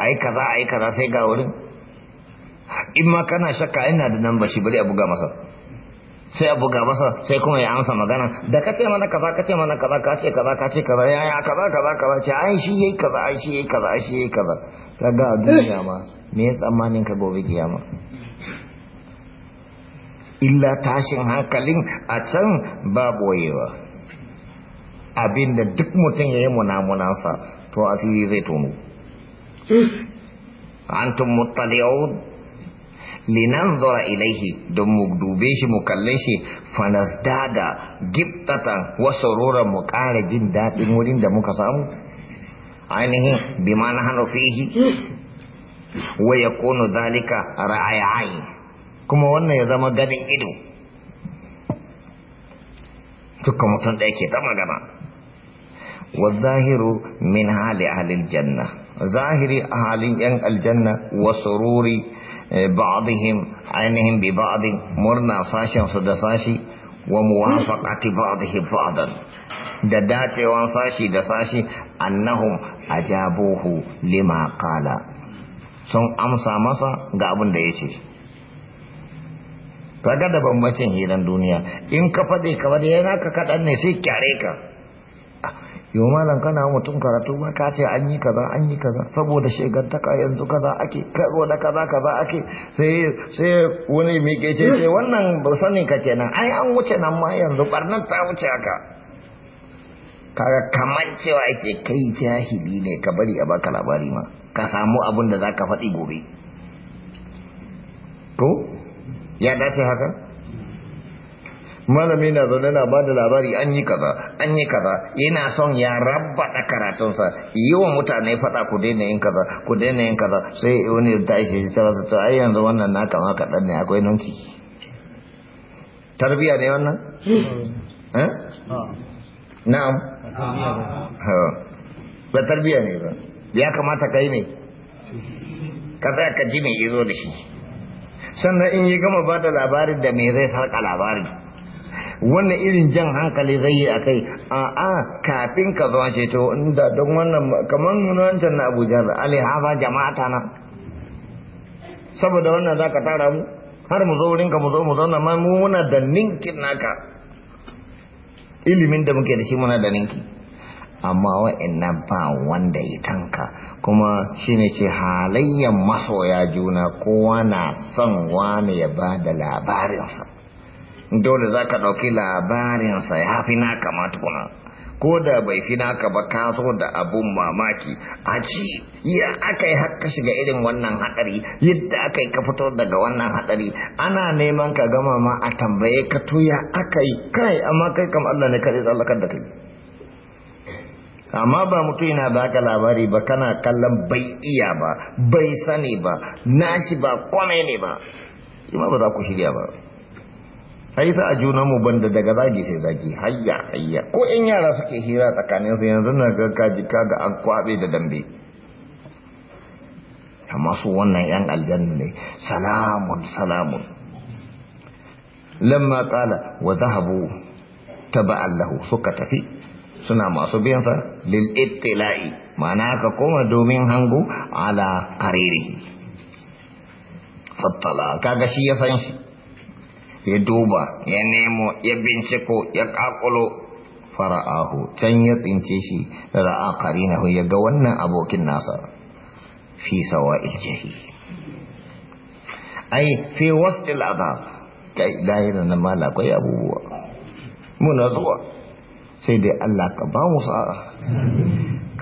ai kaza ai kaza sai ga wurin in ma kana shakka ina da nan bashi bari a buga masa sai a buga masa sai kuma ya amsa magana da ka ce mana kaza ka ce mana kaza ka ce kaza ka ce kaza ya ya kaza kaza kaza ce ai shi yayi kaza ai shi yayi kaza ai shi yayi kaza kaga a duniya ma me ya tsammanin ka gobe kiyama illa tashin hankalin a can ba boyewa abinda duk mutum ya yi munamunansa to a fili zai tono antum linan linanzura ilaihi don mu dube shi mu kalle shi fanasdada gibtatan wasu roron mu ƙara jin daɗin wurin da muka samu ainihin bima na hannu fihi wa zalika ra'ayi kuma wannan ya zama ganin ido Duka mutum ɗaya ke zama gana wa zahiru min hali halin janna zahiri a halin yan aljanna wasu ruri eh, ba'adihim ainihin bi ba'adi murna sashen su da sashi wa muwafaqati ba'adihi ba'adan da dacewan sashi da sashi Annahu ajabuhu lima qala sun amsa masa ga abin da ya ce. ga da bambancin hiran duniya in ka faɗi kamar yana ka kaɗan ne sai kyare ka yau malam kana mutum karatu ba ka ce an yi kaza an yi kaza saboda shegantaka yanzu kaza ake karo da kaza kaza ake sai wani mai ce ce eh, wannan ba sanin ka kenan ai an wuce nan ma yanzu barnan ta wuce haka kaga kamar cewa ake kai jahili ne ka bari a baka labari ma ka samu abin da za ka faɗi gobe ya dace haka malami na zaune na ba da labari an yi kaza an yi kaza yana son ya da karatunsa yi wa mutane faɗa ku daina yin kaza ku daina yin kaza sai wani ta ishe shi ta wasu ta ai yanzu wannan na kama kaɗan ne akwai nunki tarbiya ne wannan hmm. eh? na'am ba tarbiya ne ba ya kamata kai ne ka tsaya ka ji mai izo da shi sannan in yi gama ba da labarin da mai zai sarka labarin wannan irin jan hankali zai yi a kai a a kafin ka zuwa ce inda don wannan kamar wancan na abuja da alihaza jama'ata na saboda wannan za ka tara mu har mu zo ka mu zo mu zauna ma mu muna da ninkin naka ilimin da muke da shi muna da ninki amma wa'annan ba wanda ya tanka kuma shi ne ce halayyan masoya juna kowa na son wani ya ba da labarinsa dole za ka ɗauki labarinsa ya fi na kamata kuna ko da bai fi naka ba ka zo da abun mamaki a ci ya aka yi haka shiga irin wannan haɗari yadda aka yi ka fito daga wannan haɗari ana neman ka gama ma a tambaye ka to ya aka yi kai amma kai kam Allah ne kare tsallakar da kai amma ba mutum yana baka labari ba kana kallon bai iya ba bai sani ba nashi ba kome ne ba ima ba za ku shirya ba ai sa a juna mu banda daga zagi sai zagi hayya hayya ko in yara suke hira tsakanin su yanzu na ga kaji kaga an kwabe da dambe amma su wannan yan aljanna ne salamun salamun lamma qala wa dhahabu taba'an suka tafi suna masu biyansa lil ittila'i mana ka koma domin hango ala kariri fattala kaga shi ya san shi ya duba ya nemo ya binciko ya kakulo fara'ahu can ya tsince shi ra'a na ya ga wannan abokin nasa fi sawa iljahi ai fi wasil azab kai dahirin nan mala kai abubuwa muna zuwa sai dai Allah ka ba mu sa'a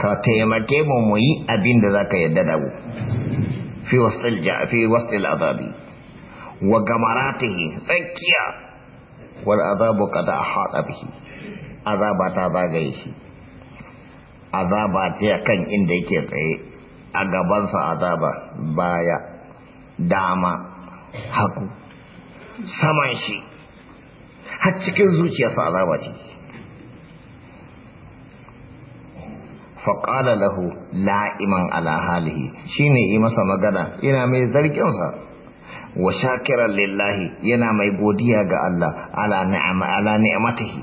ka taimake mu mu yi abin da za ka yadda da mu fi wasil fi wasil azabi wa gamaratihi tsakiya wal azabu qad ahata bihi azaba ta zagaye shi azaba ce kan inda yake tsaye a gabansa azaba baya dama haku saman shi har cikin zuciyarsa azaba ce faƙala lahu la'iman ala halihi ne yi masa magana yana mai zarginsa wa shakiran lillahi yana mai godiya ga Allah ala ni'amatihi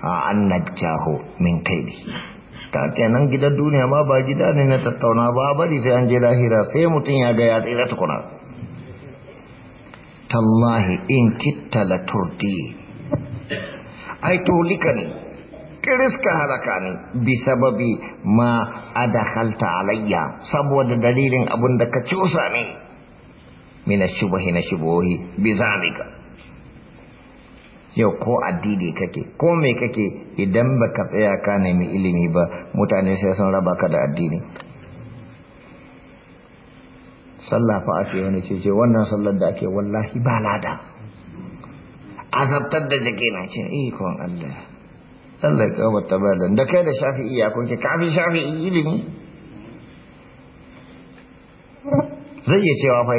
a an najjahu min kaidi ta kenan gidan duniya ma ba gida ne na tattauna ba bari sai an je lahira sai mutum ya ga ya tsira tukuna tallahi in kitta la turdi ai to kiris ka halaka ne bi sababi ma halta alayya saboda dalilin abun da ka cusa ne mina shubahi na shubohi bi zalika yau ko addini kake ko me kake idan ba ka tsaya ka nemi ilimi ba mutane sai sun raba ka da addini sallah fa ake wani ce wannan sallar da ake wallahi ba lada azabtar da jike na ce eh, ikon Allah Allah ya kawo tabalan da kai da shafi'i ya kunke kafi shafi'i ilimi zai iya cewa fa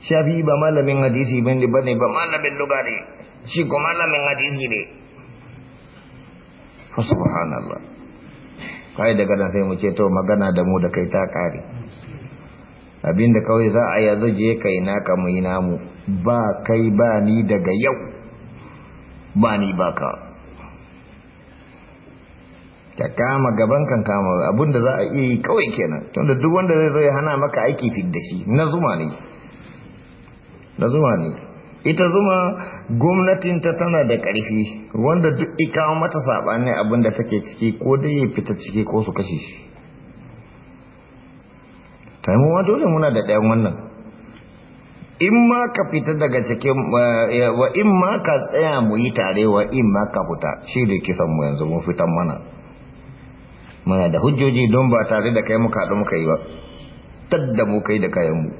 shafi'i ba malamin hadisi ba ne ba malamin lugari shi ko malamin hadisi ne fa subhanallah kai daga nan sai mu ce to magana da mu da kai ta kare abinda kawai za a yanzu je kai ka mu ina mu ba kai ba ni daga yau ba ni ba ka ka kama gaban kan kama abin da za a iya yi kawai kenan tunda duk wanda zai zo ya hana maka aiki fit da shi na zuma ne na zuma ne ita zuma gwamnatin ta tana da ƙarfi wanda duk ikawa mata saɓani abin da take ciki ko dai ya fita ciki ko su kashe shi taimawa dole muna da ɗayan wannan in ma ka fita daga cikin eh, wa in ma ka tsaya mu yi tare wa in ma ka fita shi da kisan mu yanzu mu fitan mana muna da hujjoji don ba tare da kai muka haɗu muka yi ba tadda mu kai da kayanmu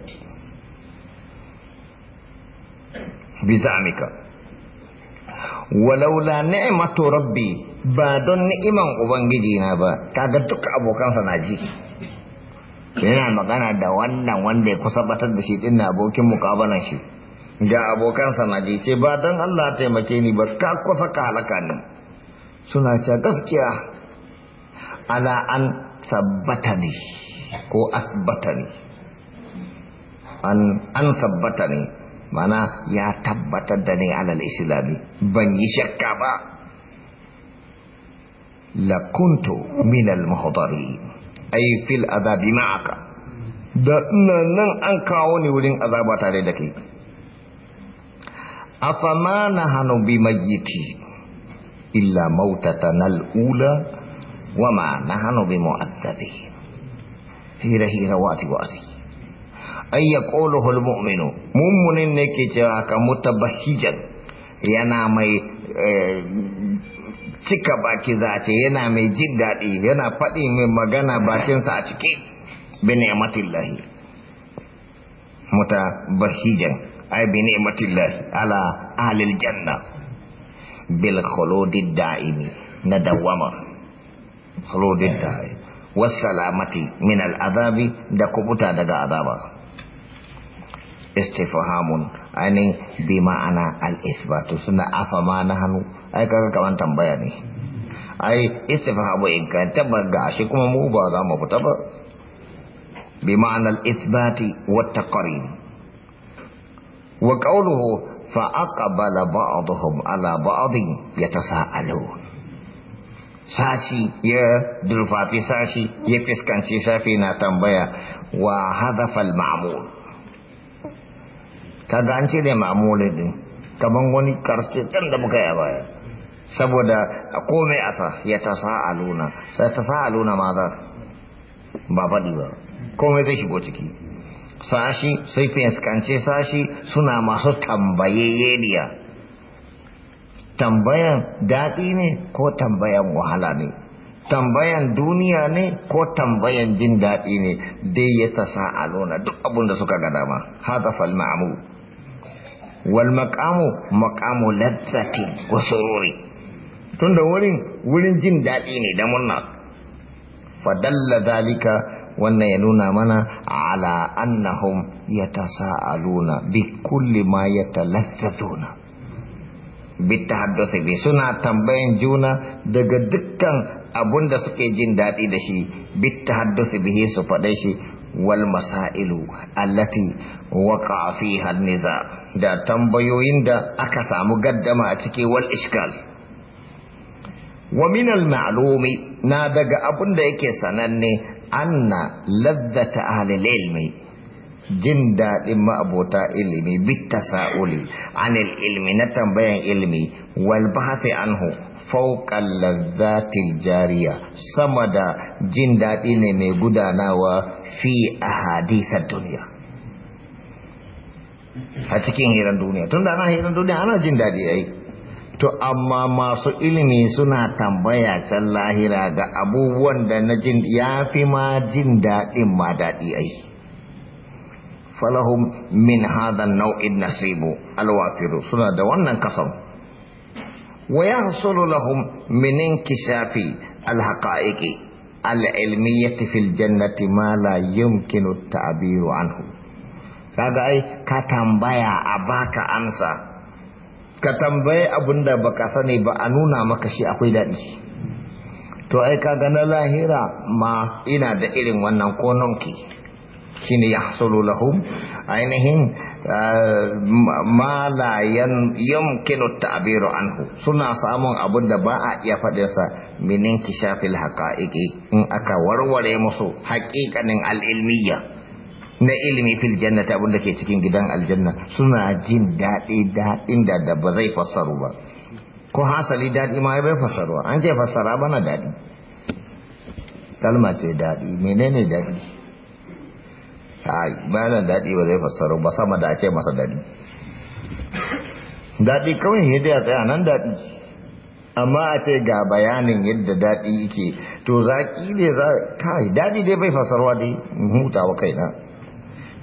bisa amika walaula ni'matu rabbi ba don ni'iman ubangiji na ba kaga duka abokansa na ji yana magana da wannan wanda ya kusa batar da shi din abokin mukabalan shi ga abokansa na ji ce ba don Allah taimake ni ba ka kusa ka halaka ni suna ce gaskiya ala an tabbatani ko asbatani an an tabbatani mana ya tabbatar da ni alal islami ban yi shakka ba lakuntu minal muhdari ay fil azabi ma'aka da ina nan an kawo ni wurin azaba tare da kai afama nahanu bi mayyiti illa mautatan al-ula wa wama bi mu'addabi fi rahira wa wati ay yaquluhu almu'minu mu'minin ne ke cewa ka mutabahijan yana mai cika baki zace yana mai jin dadi yana fadi mai magana bakin sa a cike bi ni'matillahi mutabahijan ay bi ni'matillahi ala ahlil janna bil khuludi da'imi na dawama halodin ta wasalamati min al'azabi da kubuta daga azaba istifhamun ani bi ma'ana al suna afama na hannu ai kaga kaman tambaya ne ai istifhamu in ka tabaga shi kuma mu ba za mu fita ba bi ma'ana al-isbati wa taqrir wa qawluhu fa aqbala ba'dhum ala ba'd yatasaalun sashi ya durfafi sashi ya fiskanci shafi na tambaya wa hadafal ma'amul ka an da ma'amulin din kamar wani karshe can da muka yi a baya saboda komai asa ya ta luna sai ta luna ma za ba faɗi ba komai zai shigo ciki sashi sai fiskance sashi suna masu yeliya tambayan daɗi ne ko tambayan wahala ne tambayan duniya ne ko tambayan jin daɗi ne dai ya tasa alona duk abin da suka ga dama hadafal ma'amu wal maqamu maqamu ladzati wa tunda wurin wurin jin daɗi ne da murna fadalla zalika wannan ya nuna mana ala annahum yatasaaluna bi kulli ma yatalazzazuna bitta bi suna tambayan juna daga dukkan abun da suke jin daɗi da shi bitta haddasa bihi su faɗe shi wal masailu allati waqa fiha niza da tambayoyin da aka samu gaddama a ciki wal ishkal wa min al ma'lumi na daga abun da yake sananne anna lazzata ahli ilmi jin daɗin ma'abota ilimi bitta sa'uli anil ilmi na tambayan ilimi wal bahasi anhu fauqal lazzatil jariya sama da jin daɗi ne mai gudanawa fi hadisar duniya a cikin hiran duniya tun da ana hiran duniya ana jin daɗi ai to amma masu ilimi suna tambaya can lahira ga abubuwan da na jin ya fi ma jin daɗin ma daɗi ai falahum min hadha nau'in nasibu alwafiru suna da wannan kasan wa yahsulu lahum min inkishafi alhaqa'iqi alilmiyyati fil jannati ma la yumkinu tabiru anhu kaga ai ka tambaya a baka amsa ka tambaye abinda baka sani ba a nuna maka shi akwai daɗi to ai kaga na lahira ma ina da irin wannan kononki. shine ya hasulu ainihin eh, ma la yumkinu ta'biru anhu suna samun abun da ba a iya sa minin kishafil haqa'iqi in aka warware musu al al'ilmiyya na ilimi fil jannati abin da ke cikin gidan aljanna suna jin daɗi daɗin da da ba zai fassaru ba ko hasali daɗi ma bai fassaru an ce fassara bana daɗi kalma ce daɗi menene daɗi Ai bayanan daɗi ba zai fassaro ba sama da ce masa daɗi daɗi kawai ne da ya tsaya nan daɗi amma a ce ga bayanin yadda daɗi yake to ne za kai daɗi dai bai fassarwa dai wa kaina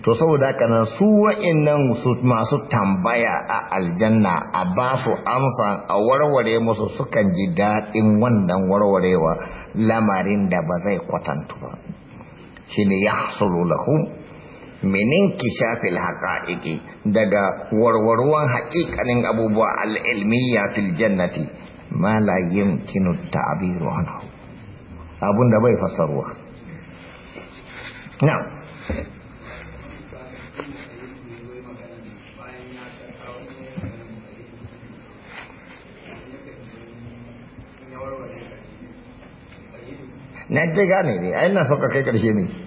to saboda haka nan su wa'annan masu tambaya a aljanna a ba su amsa a warware musu sukan ji daɗin wannan warwarewa lamarin da ba zai kwatantu ba shine yahsulu lahum minin kishafil haqa'iqi daga warwarwan haƙiƙanin abubuwa al'ilmiya fil jannati ma la yumkinu ta'biru anhu abun da bai fassarwa na’am na dai gane ne a na sauka kai karshe ne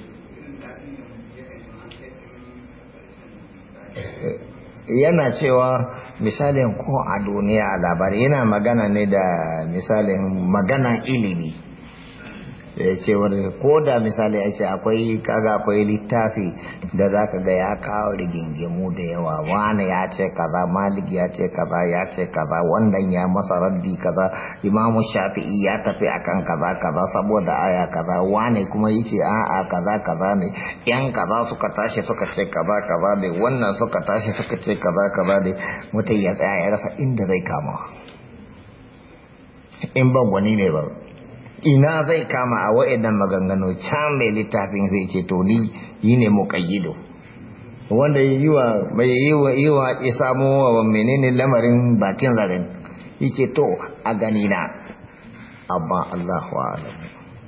yana cewa misalin ko a duniya labari yana magana ne da misalin magana ilimi wani ko da misali a ce akwai kaga akwai littafi da za ka ga ya kawo rigingimu da yawa wani ya ce kaza malik ya ce kaza ya ce kaza wannan ya masa raddi kaza imamu shafi'i ya tafi akan kaza kaza saboda aya kaza wani kuma yace a'a kaza kaza ne yan kaza suka tashi suka ce kaza kaza ne wannan suka tashi suka ce kaza kaza ne mutum ya tsaya ya rasa inda zai kama in ban wani ne ba ina zai kama a wa'idan maganganu can mai littafin zai ce to ni yi ne muƙayyido wanda yi wa mai yi wa samu wa menene lamarin bakin zaren ce to a gani na abba Allahu a'lam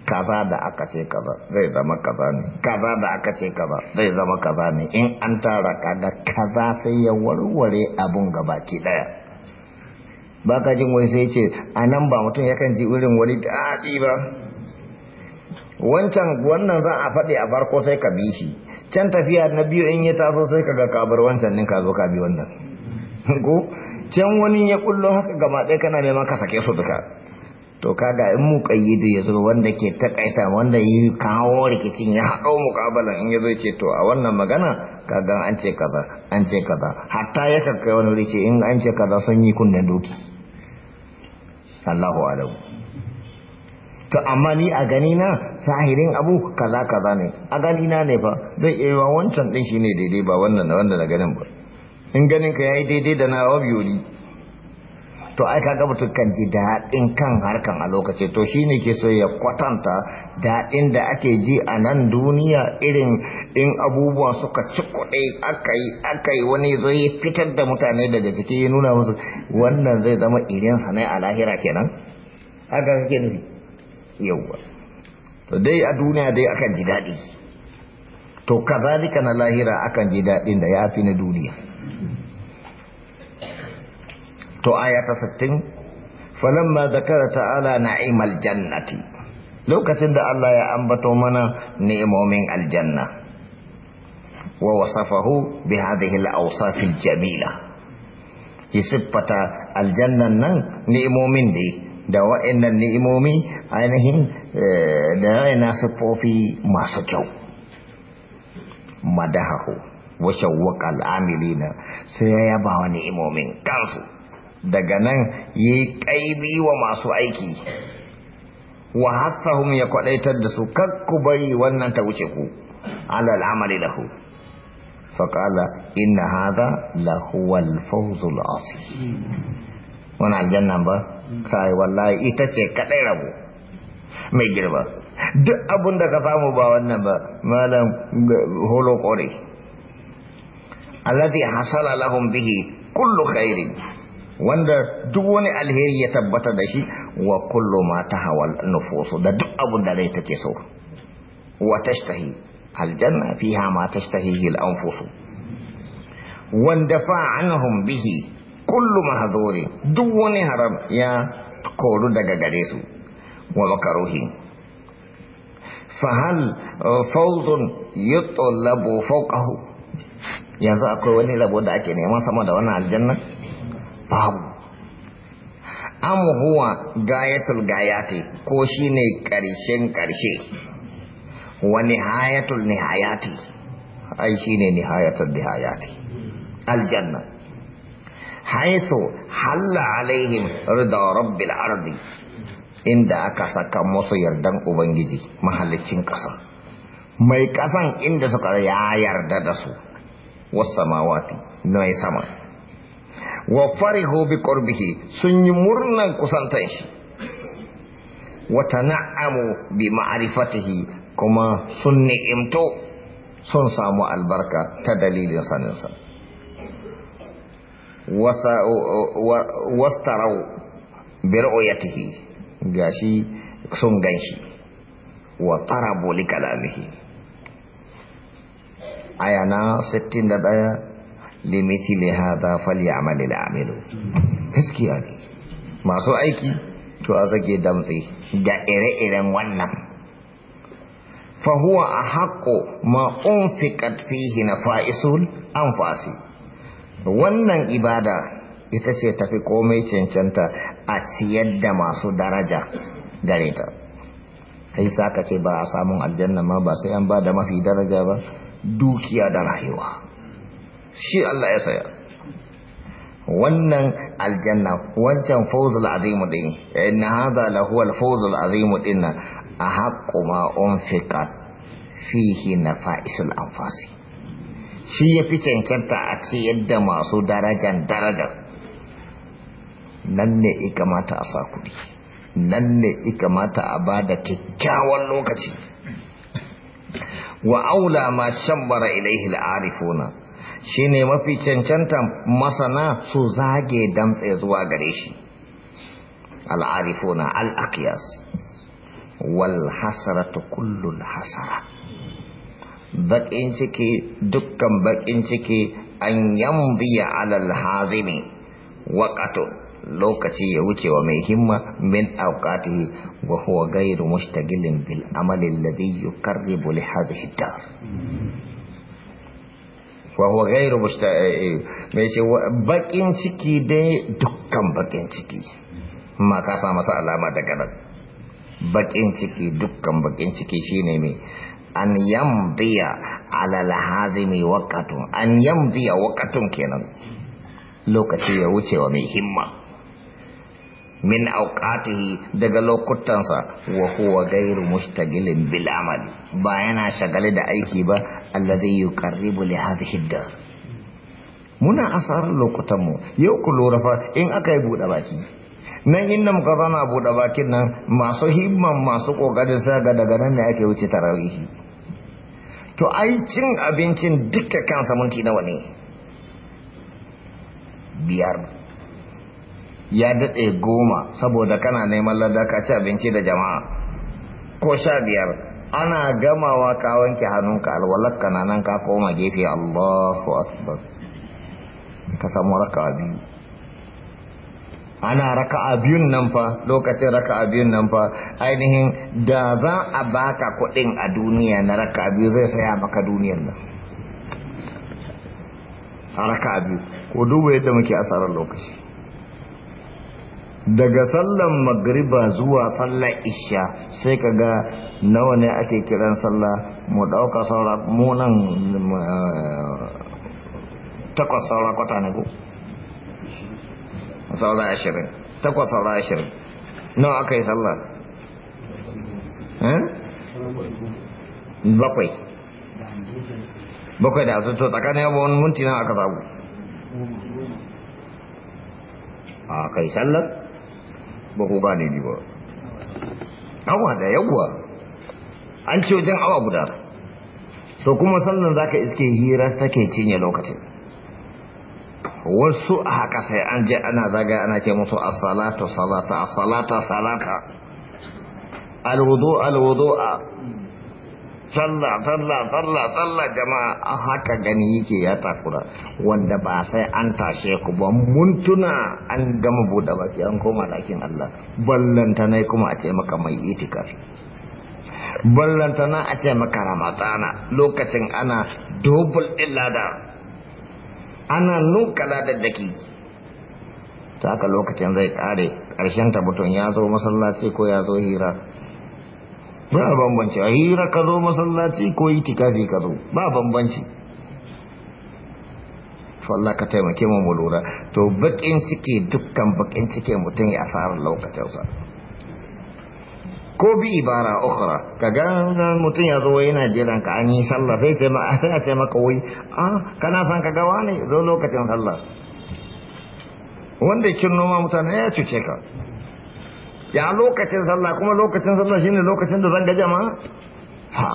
kaza da aka ce kaza zai zama kaza ne kaza da aka ce kaza zai zama kaza ne in an tara kaga kaza sai ya warware abun gabaki daya ba ka jin wani sai ce a nan ba mutum yakan ji wurin wani daɗi ba wancan wannan za a faɗi a farko sai ka bi shi can tafiya na biyu in ya taso sai ka ga kabar wancan ɗin ka zo ka bi wannan ko can wani ya kullo haka gaba ɗaya kana neman ka sake su duka to kaga in mu kayyidi ya zo wanda ke taƙaita wanda yi kawo rikicin ya haɗo muƙabalan in ya zo ce to a wannan magana kaga an ce kaza an ce kaza hatta ya karkai wani rice in an ce kaza sun yi kunnen doki Allahu alam to amma ni a gani na sahirin abu kaza kaza ne a gani na ne fa zai iya yiwa wancan din shine daidai ba wannan da wanda na ganin ba in ganin ka yayi daidai da na wabiyoli to ai kaga mutum kan ji daɗin kan harkan a lokaci to shine ke so ya kwatanta daɗin da ake ji a nan duniya irin in abubuwa suka ci kuɗi aka yi aka yi wani zai fitar da mutane daga ciki ya nuna musu wannan zai zama irin sanai a lahira kenan haka kake nufi yawwa to dai a duniya dai akan ji daɗi to kazalika na lahira akan ji daɗin da ya fi na duniya to aya ta 60 falamma zakara ta'ala na'imal jannati lokacin da Allah ya ambato mana ni'imomin aljanna wa wasafahu bi hadhihi al-awsaf al-jamila ki siffata aljannan nan ni'imomin ne da wa'annan ni'imomi ainihin eh, da ra'ayina fofi masu kyau madahu wa shawwaqa al-amilina sai ya ba wa ni'imomin kansu daga nan yayi kaibi wa masu aiki wa hassahum ya kwadaitar da su kakku bari wannan ta wuce ku ala al'amali lahu faqala inna hadha lahu al-fawzul azim wannan aljanna ba kai wallahi ita ce kadai rabu. mai girba duk abun da ka samu ba wannan ba malam holo kore alladhi hasala lahum bihi kullu khairin wanda duk wani alheri ya tabbata da shi وكل ما تهوى النفوس ده دق ابن ده يتكسو وتشتهي الجنة فيها ما تشتهيه الأنفس واندفع عنهم به كل ما مهذور دون هرب يا كولو دقا قريسو ومكروه فهل فوز يطلب فوقه يا ذا كولو لابو داكي نيما سما دوانا الجنة طاب am huwa gayatul gayati ko shine karshen karshe wa nihayatul nihayati ai shine nihayatul nihayati aljanna haythu halla alaihim rida rabbil ardi inda aka saka musu yardan ubangiji mahalicin ƙasa mai ƙasan inda suka ya yarda da su wasu samawati na sama wa farihu bi qurbihi sun yi murnan kusantan shi wa tana'amu bi ma'rifatihi kuma sun ni'imto sun samu albarka ta dalilin saninsa wastarau bi ru'yatihi gashi sun ganshi wa tarabu li kalamihi ayana 61 limithili hadha falyamal amilu gaskiya ne masu aiki to a zage damtse da ire-iren wannan fa huwa ahaqqu ma unfiqat fihi nafa'isul anfasi wannan ibada ita ce tafi komai cancanta a ciyar da masu daraja gare ta kai saka ce ba a samun aljanna ma ba sai an ba da mafi daraja ba dukiya da rayuwa shi Allah ya saya wannan aljanna wancan fawzul azimu din inna hadha lahu al-fawzul azimu din ahaqqu ma unfiqat fihi nafa'isul anfasi shi yafi cancanta a ce yadda masu darajan darajar nan ne ya kamata a sa kuɗi nan ne ya kamata a ba da kyakkyawan lokaci wa aula ma shabbara ilaihi al'arifuna shine mafi cancanta masana su zage damtse zuwa gare shi al'arifuna al'aqiyas wal ta kullul hasara bakin ciki dukkan bakin ciki an yambiya alal hazimi lokaci ya wuce wa mai himma min aukati wa huwa ghayru mushtagilin bil amali alladhi yuqarribu li hadhihi wa huwa ghairu mai ce bakin ciki dai dukkan bakin ciki ma ka sa masa alama daga nan bakin ciki dukkan bakin ciki shine me an yamdiya alal hazimi waqatun an yamdiya waqatun kenan lokaci ya wuce wa mai himma min auqatihi daga lokutansa wa huwa gairu mustagilin bil amal ba yana shagale da aiki ba allazi yuqarribu li hadhihi dar muna asar lokutan mu yau ku lura fa in aka yi bude baki nan inda muka zana bude bakin nan masu himman masu kokarin sa ga daga nan ne ake wuce tarawihi to ai cin abincin dukkan kansa minti nawa ne biyar ya daɗe goma saboda kana neman lada ka ci abinci da jama'a ko sha biyar ana gamawa ka wanke hannunka ka na nan ka koma gefe allahu akbar ka samu raka'a biyu ana raka'a biyun nan fa lokacin raka'a biyun nan fa ainihin da za a baka kuɗin a duniya na raka'a biyu zai saya maka duniyar nan a raka'a biyu ko duba yadda muke asarar lokaci daga sallan magriba zuwa sallar isha sai ka ga nawa ne ake kiran sallah mu ɗauka saura munan eh, takwas saura kwata ne ko saura ashirin takwas saura ashirin nawa aka yi sallah eh? bakwai bakwai da hamsin to tsakanin abubuwan munti nan aka samu a kai sallar ba ne ne ba awa da yawa an ce wajen awa guda to kuma sannan zaka iske hira take cinye lokacin wasu a haka sai an je ana zaga ana ce musu as-salatu salata as-salata salata al-wudu al-wudu'a sallah sallah sallah sallah jama'a a haka gani yake ya takura wanda ba sai an tashe ku ba mun tuna an gama buɗe baki an koma Lakin Allah ballanta ne kuma a ce maka mai itikar ballanta na a ce maka ramadana lokacin ana dubul illada ana nuka daki ta haka lokacin zai ƙare ƙarshen ta mutum ya zo masallaci ko ya zo hira ba a bambanci a hira ka zo masallaci ko itikafi ka zo ba bambanci Allah ka taimake mu mu lura to bakin cike dukkan bakin cike mutum ya fara lokacinsa ko bi ibara ukhra ka ga mutum ya zo yana jiran ka an yi sallah sai sai ma sai sai maka wai ah kana san ga wani zo lokacin sallah wanda kin noma mutane ya cuce ka ya lokacin sallah kuma lokacin sallah shine lokacin da zan ga jama'a ha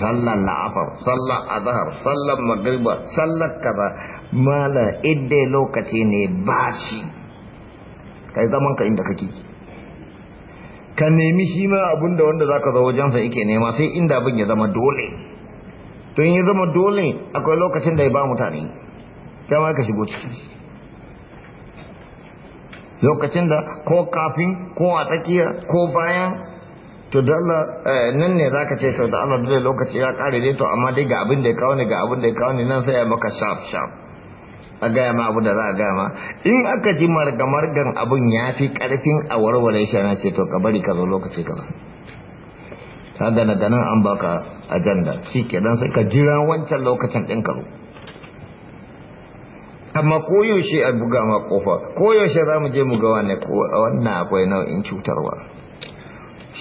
sallar la'asar sallar azhar sallan magriba sallar kaza mala idda lokaci ne bashi kai zaman ka inda kake ka nemi shi ma abinda wanda zaka zo wajensa yake nema sai inda abin ya zama dole to in ya zama dole akwai lokacin da ya ba mutane kama ka shigo ciki lokacin da ko kafin ko a tsakiya ko bayan to da Allah eh, nan ne zaka ce sau da Allah dole lokaci ya kare dai to amma dai ga abin da ya kawo ne ga abin da ya kawo ne nan sai ya maka sharp sharp a gaya ma abu da za a gaya ma in aka ji margamargan abin ya fi karfin a warware shi na ce to ka bari ka zo lokaci ka sadana da nan an baka ajanda shi kenan sai ka jira wancan lokacin ɗin ka zo amma koyaushe a buga ma kofa koyaushe za mu je mu ga wane wannan akwai nau'in cutarwa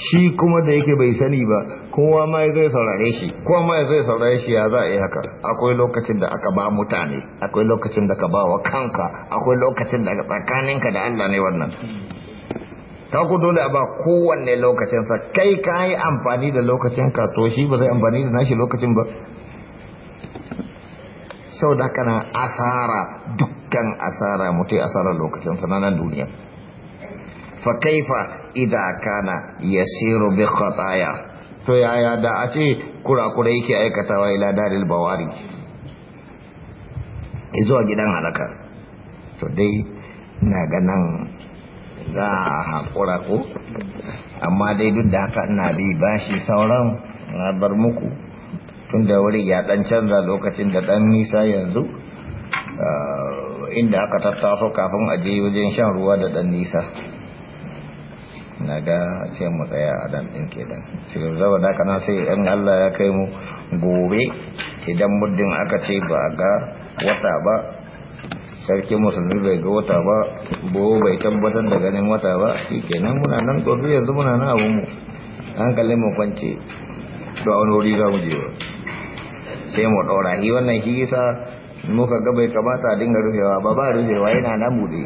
shi kuma da yake bai sani ba kowa ma ya zai saurare shi kowa ma ya zai saurare shi ya za a yi haka akwai lokacin da aka ba mutane akwai lokacin da ka ba wa kanka akwai lokacin da tsakaninka da Allah ne wannan ta ku dole a ba kowanne lokacinsa kai ka yi amfani da lokacin ka to shi ba zai amfani da nashi lokacin ba sau da asara dukkan asara mutai asara lokacin sananan duniya fa kaifa idza kana yasiru bi khataya to yaya da a ce kurakura yake aikatawa ila daril bawari zuwa gidan halaka to dai na ganan za a haƙura ko amma dai duk da haka na bi bashi sauran na bar muku tun da wuri ya dan canza lokacin da dan nisa yanzu eh, inda aka tattafa kafin a je wajen shan ruwa da dan nisa na ga ce mu tsaya a dan ɗin kenan cikin zaba da kana sai in allah ya kai mu gobe idan muddin aka ce ba ga wata ba sarki musulmi bai ga wata ba bo bai tabbatar da ganin wata ba shi kenan muna nan gobe yanzu muna na abun mu hankalin mu kwance to a wani wuri za mu je ba sai mu ɗora shi wannan shi mu muka ga bai kamata dinga rufewa ba ba rufewa yana nan bude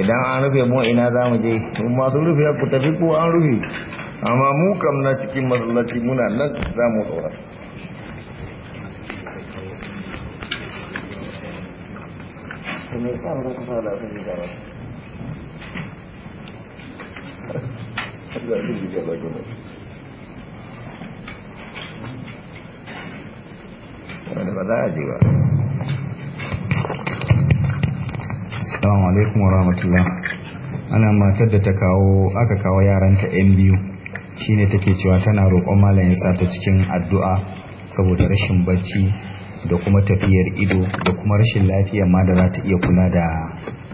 idan an rufe mu ina za mu je masu rufe ku tafi ko an rufe amma mu kam na cikin masallaci muna nan za mu ɗora Thank you. wanda ba za a je ba salamu alaikum wa rahmatullah ana matar da ta kawo aka kawo yaranta yan biyu shi ne take cewa tana roƙon malayin sata ta cikin addu'a saboda rashin barci da kuma tafiyar ido da kuma rashin lafiya ma da za ta iya kula da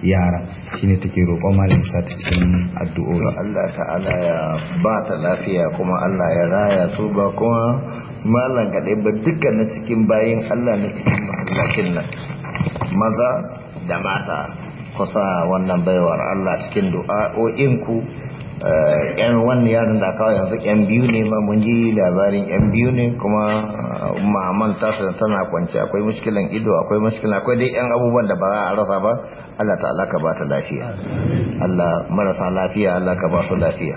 yara shi ne take roƙon malayin sata ta cikin addu'o'i Allah ta'ala ya ba ta lafiya kuma Allah ya raya su ba kuma malam kaɗai ba duka na cikin bayan allah na cikin masallacin nan maza da mata kusa wannan baiwar allah cikin ku yan eh, wannan yaron da kawai yanzu yan biyu ne ma mun ji labarin yan biyu ne kuma eh, maman san tana kwanci akwai mushkilan ido akwai mushkilan akwai dai yan abubuwan da ba za a rasa ba Allah ta'ala ka ba ta lafiya Allah marasa lafiya Allah ka ba su lafiya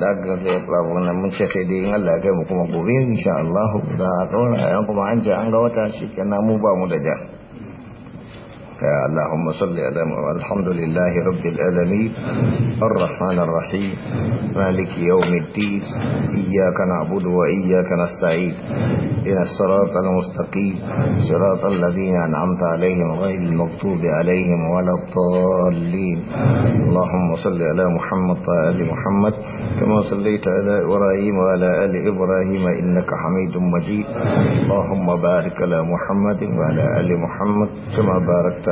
daga zai babu na mun ce sai dai in Allah ya kai mu kuma gobe insha Allah da ko kaura kuma an an ga wata shikenan mu ba mu da ja اللهم صل على الحمد لله رب العالمين الرحمن الرحيم مالك يوم الدين إياك نعبد وإياك نستعين إن الصراط المستقيم صراط الذين أنعمت عليهم غير المكتوب عليهم ولا الضالين اللهم صل على محمد وآل محمد كما صليت على إبراهيم وعلى آل إبراهيم إنك حميد مجيد اللهم بارك على محمد وعلى آل محمد كما باركت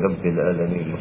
رب العالمين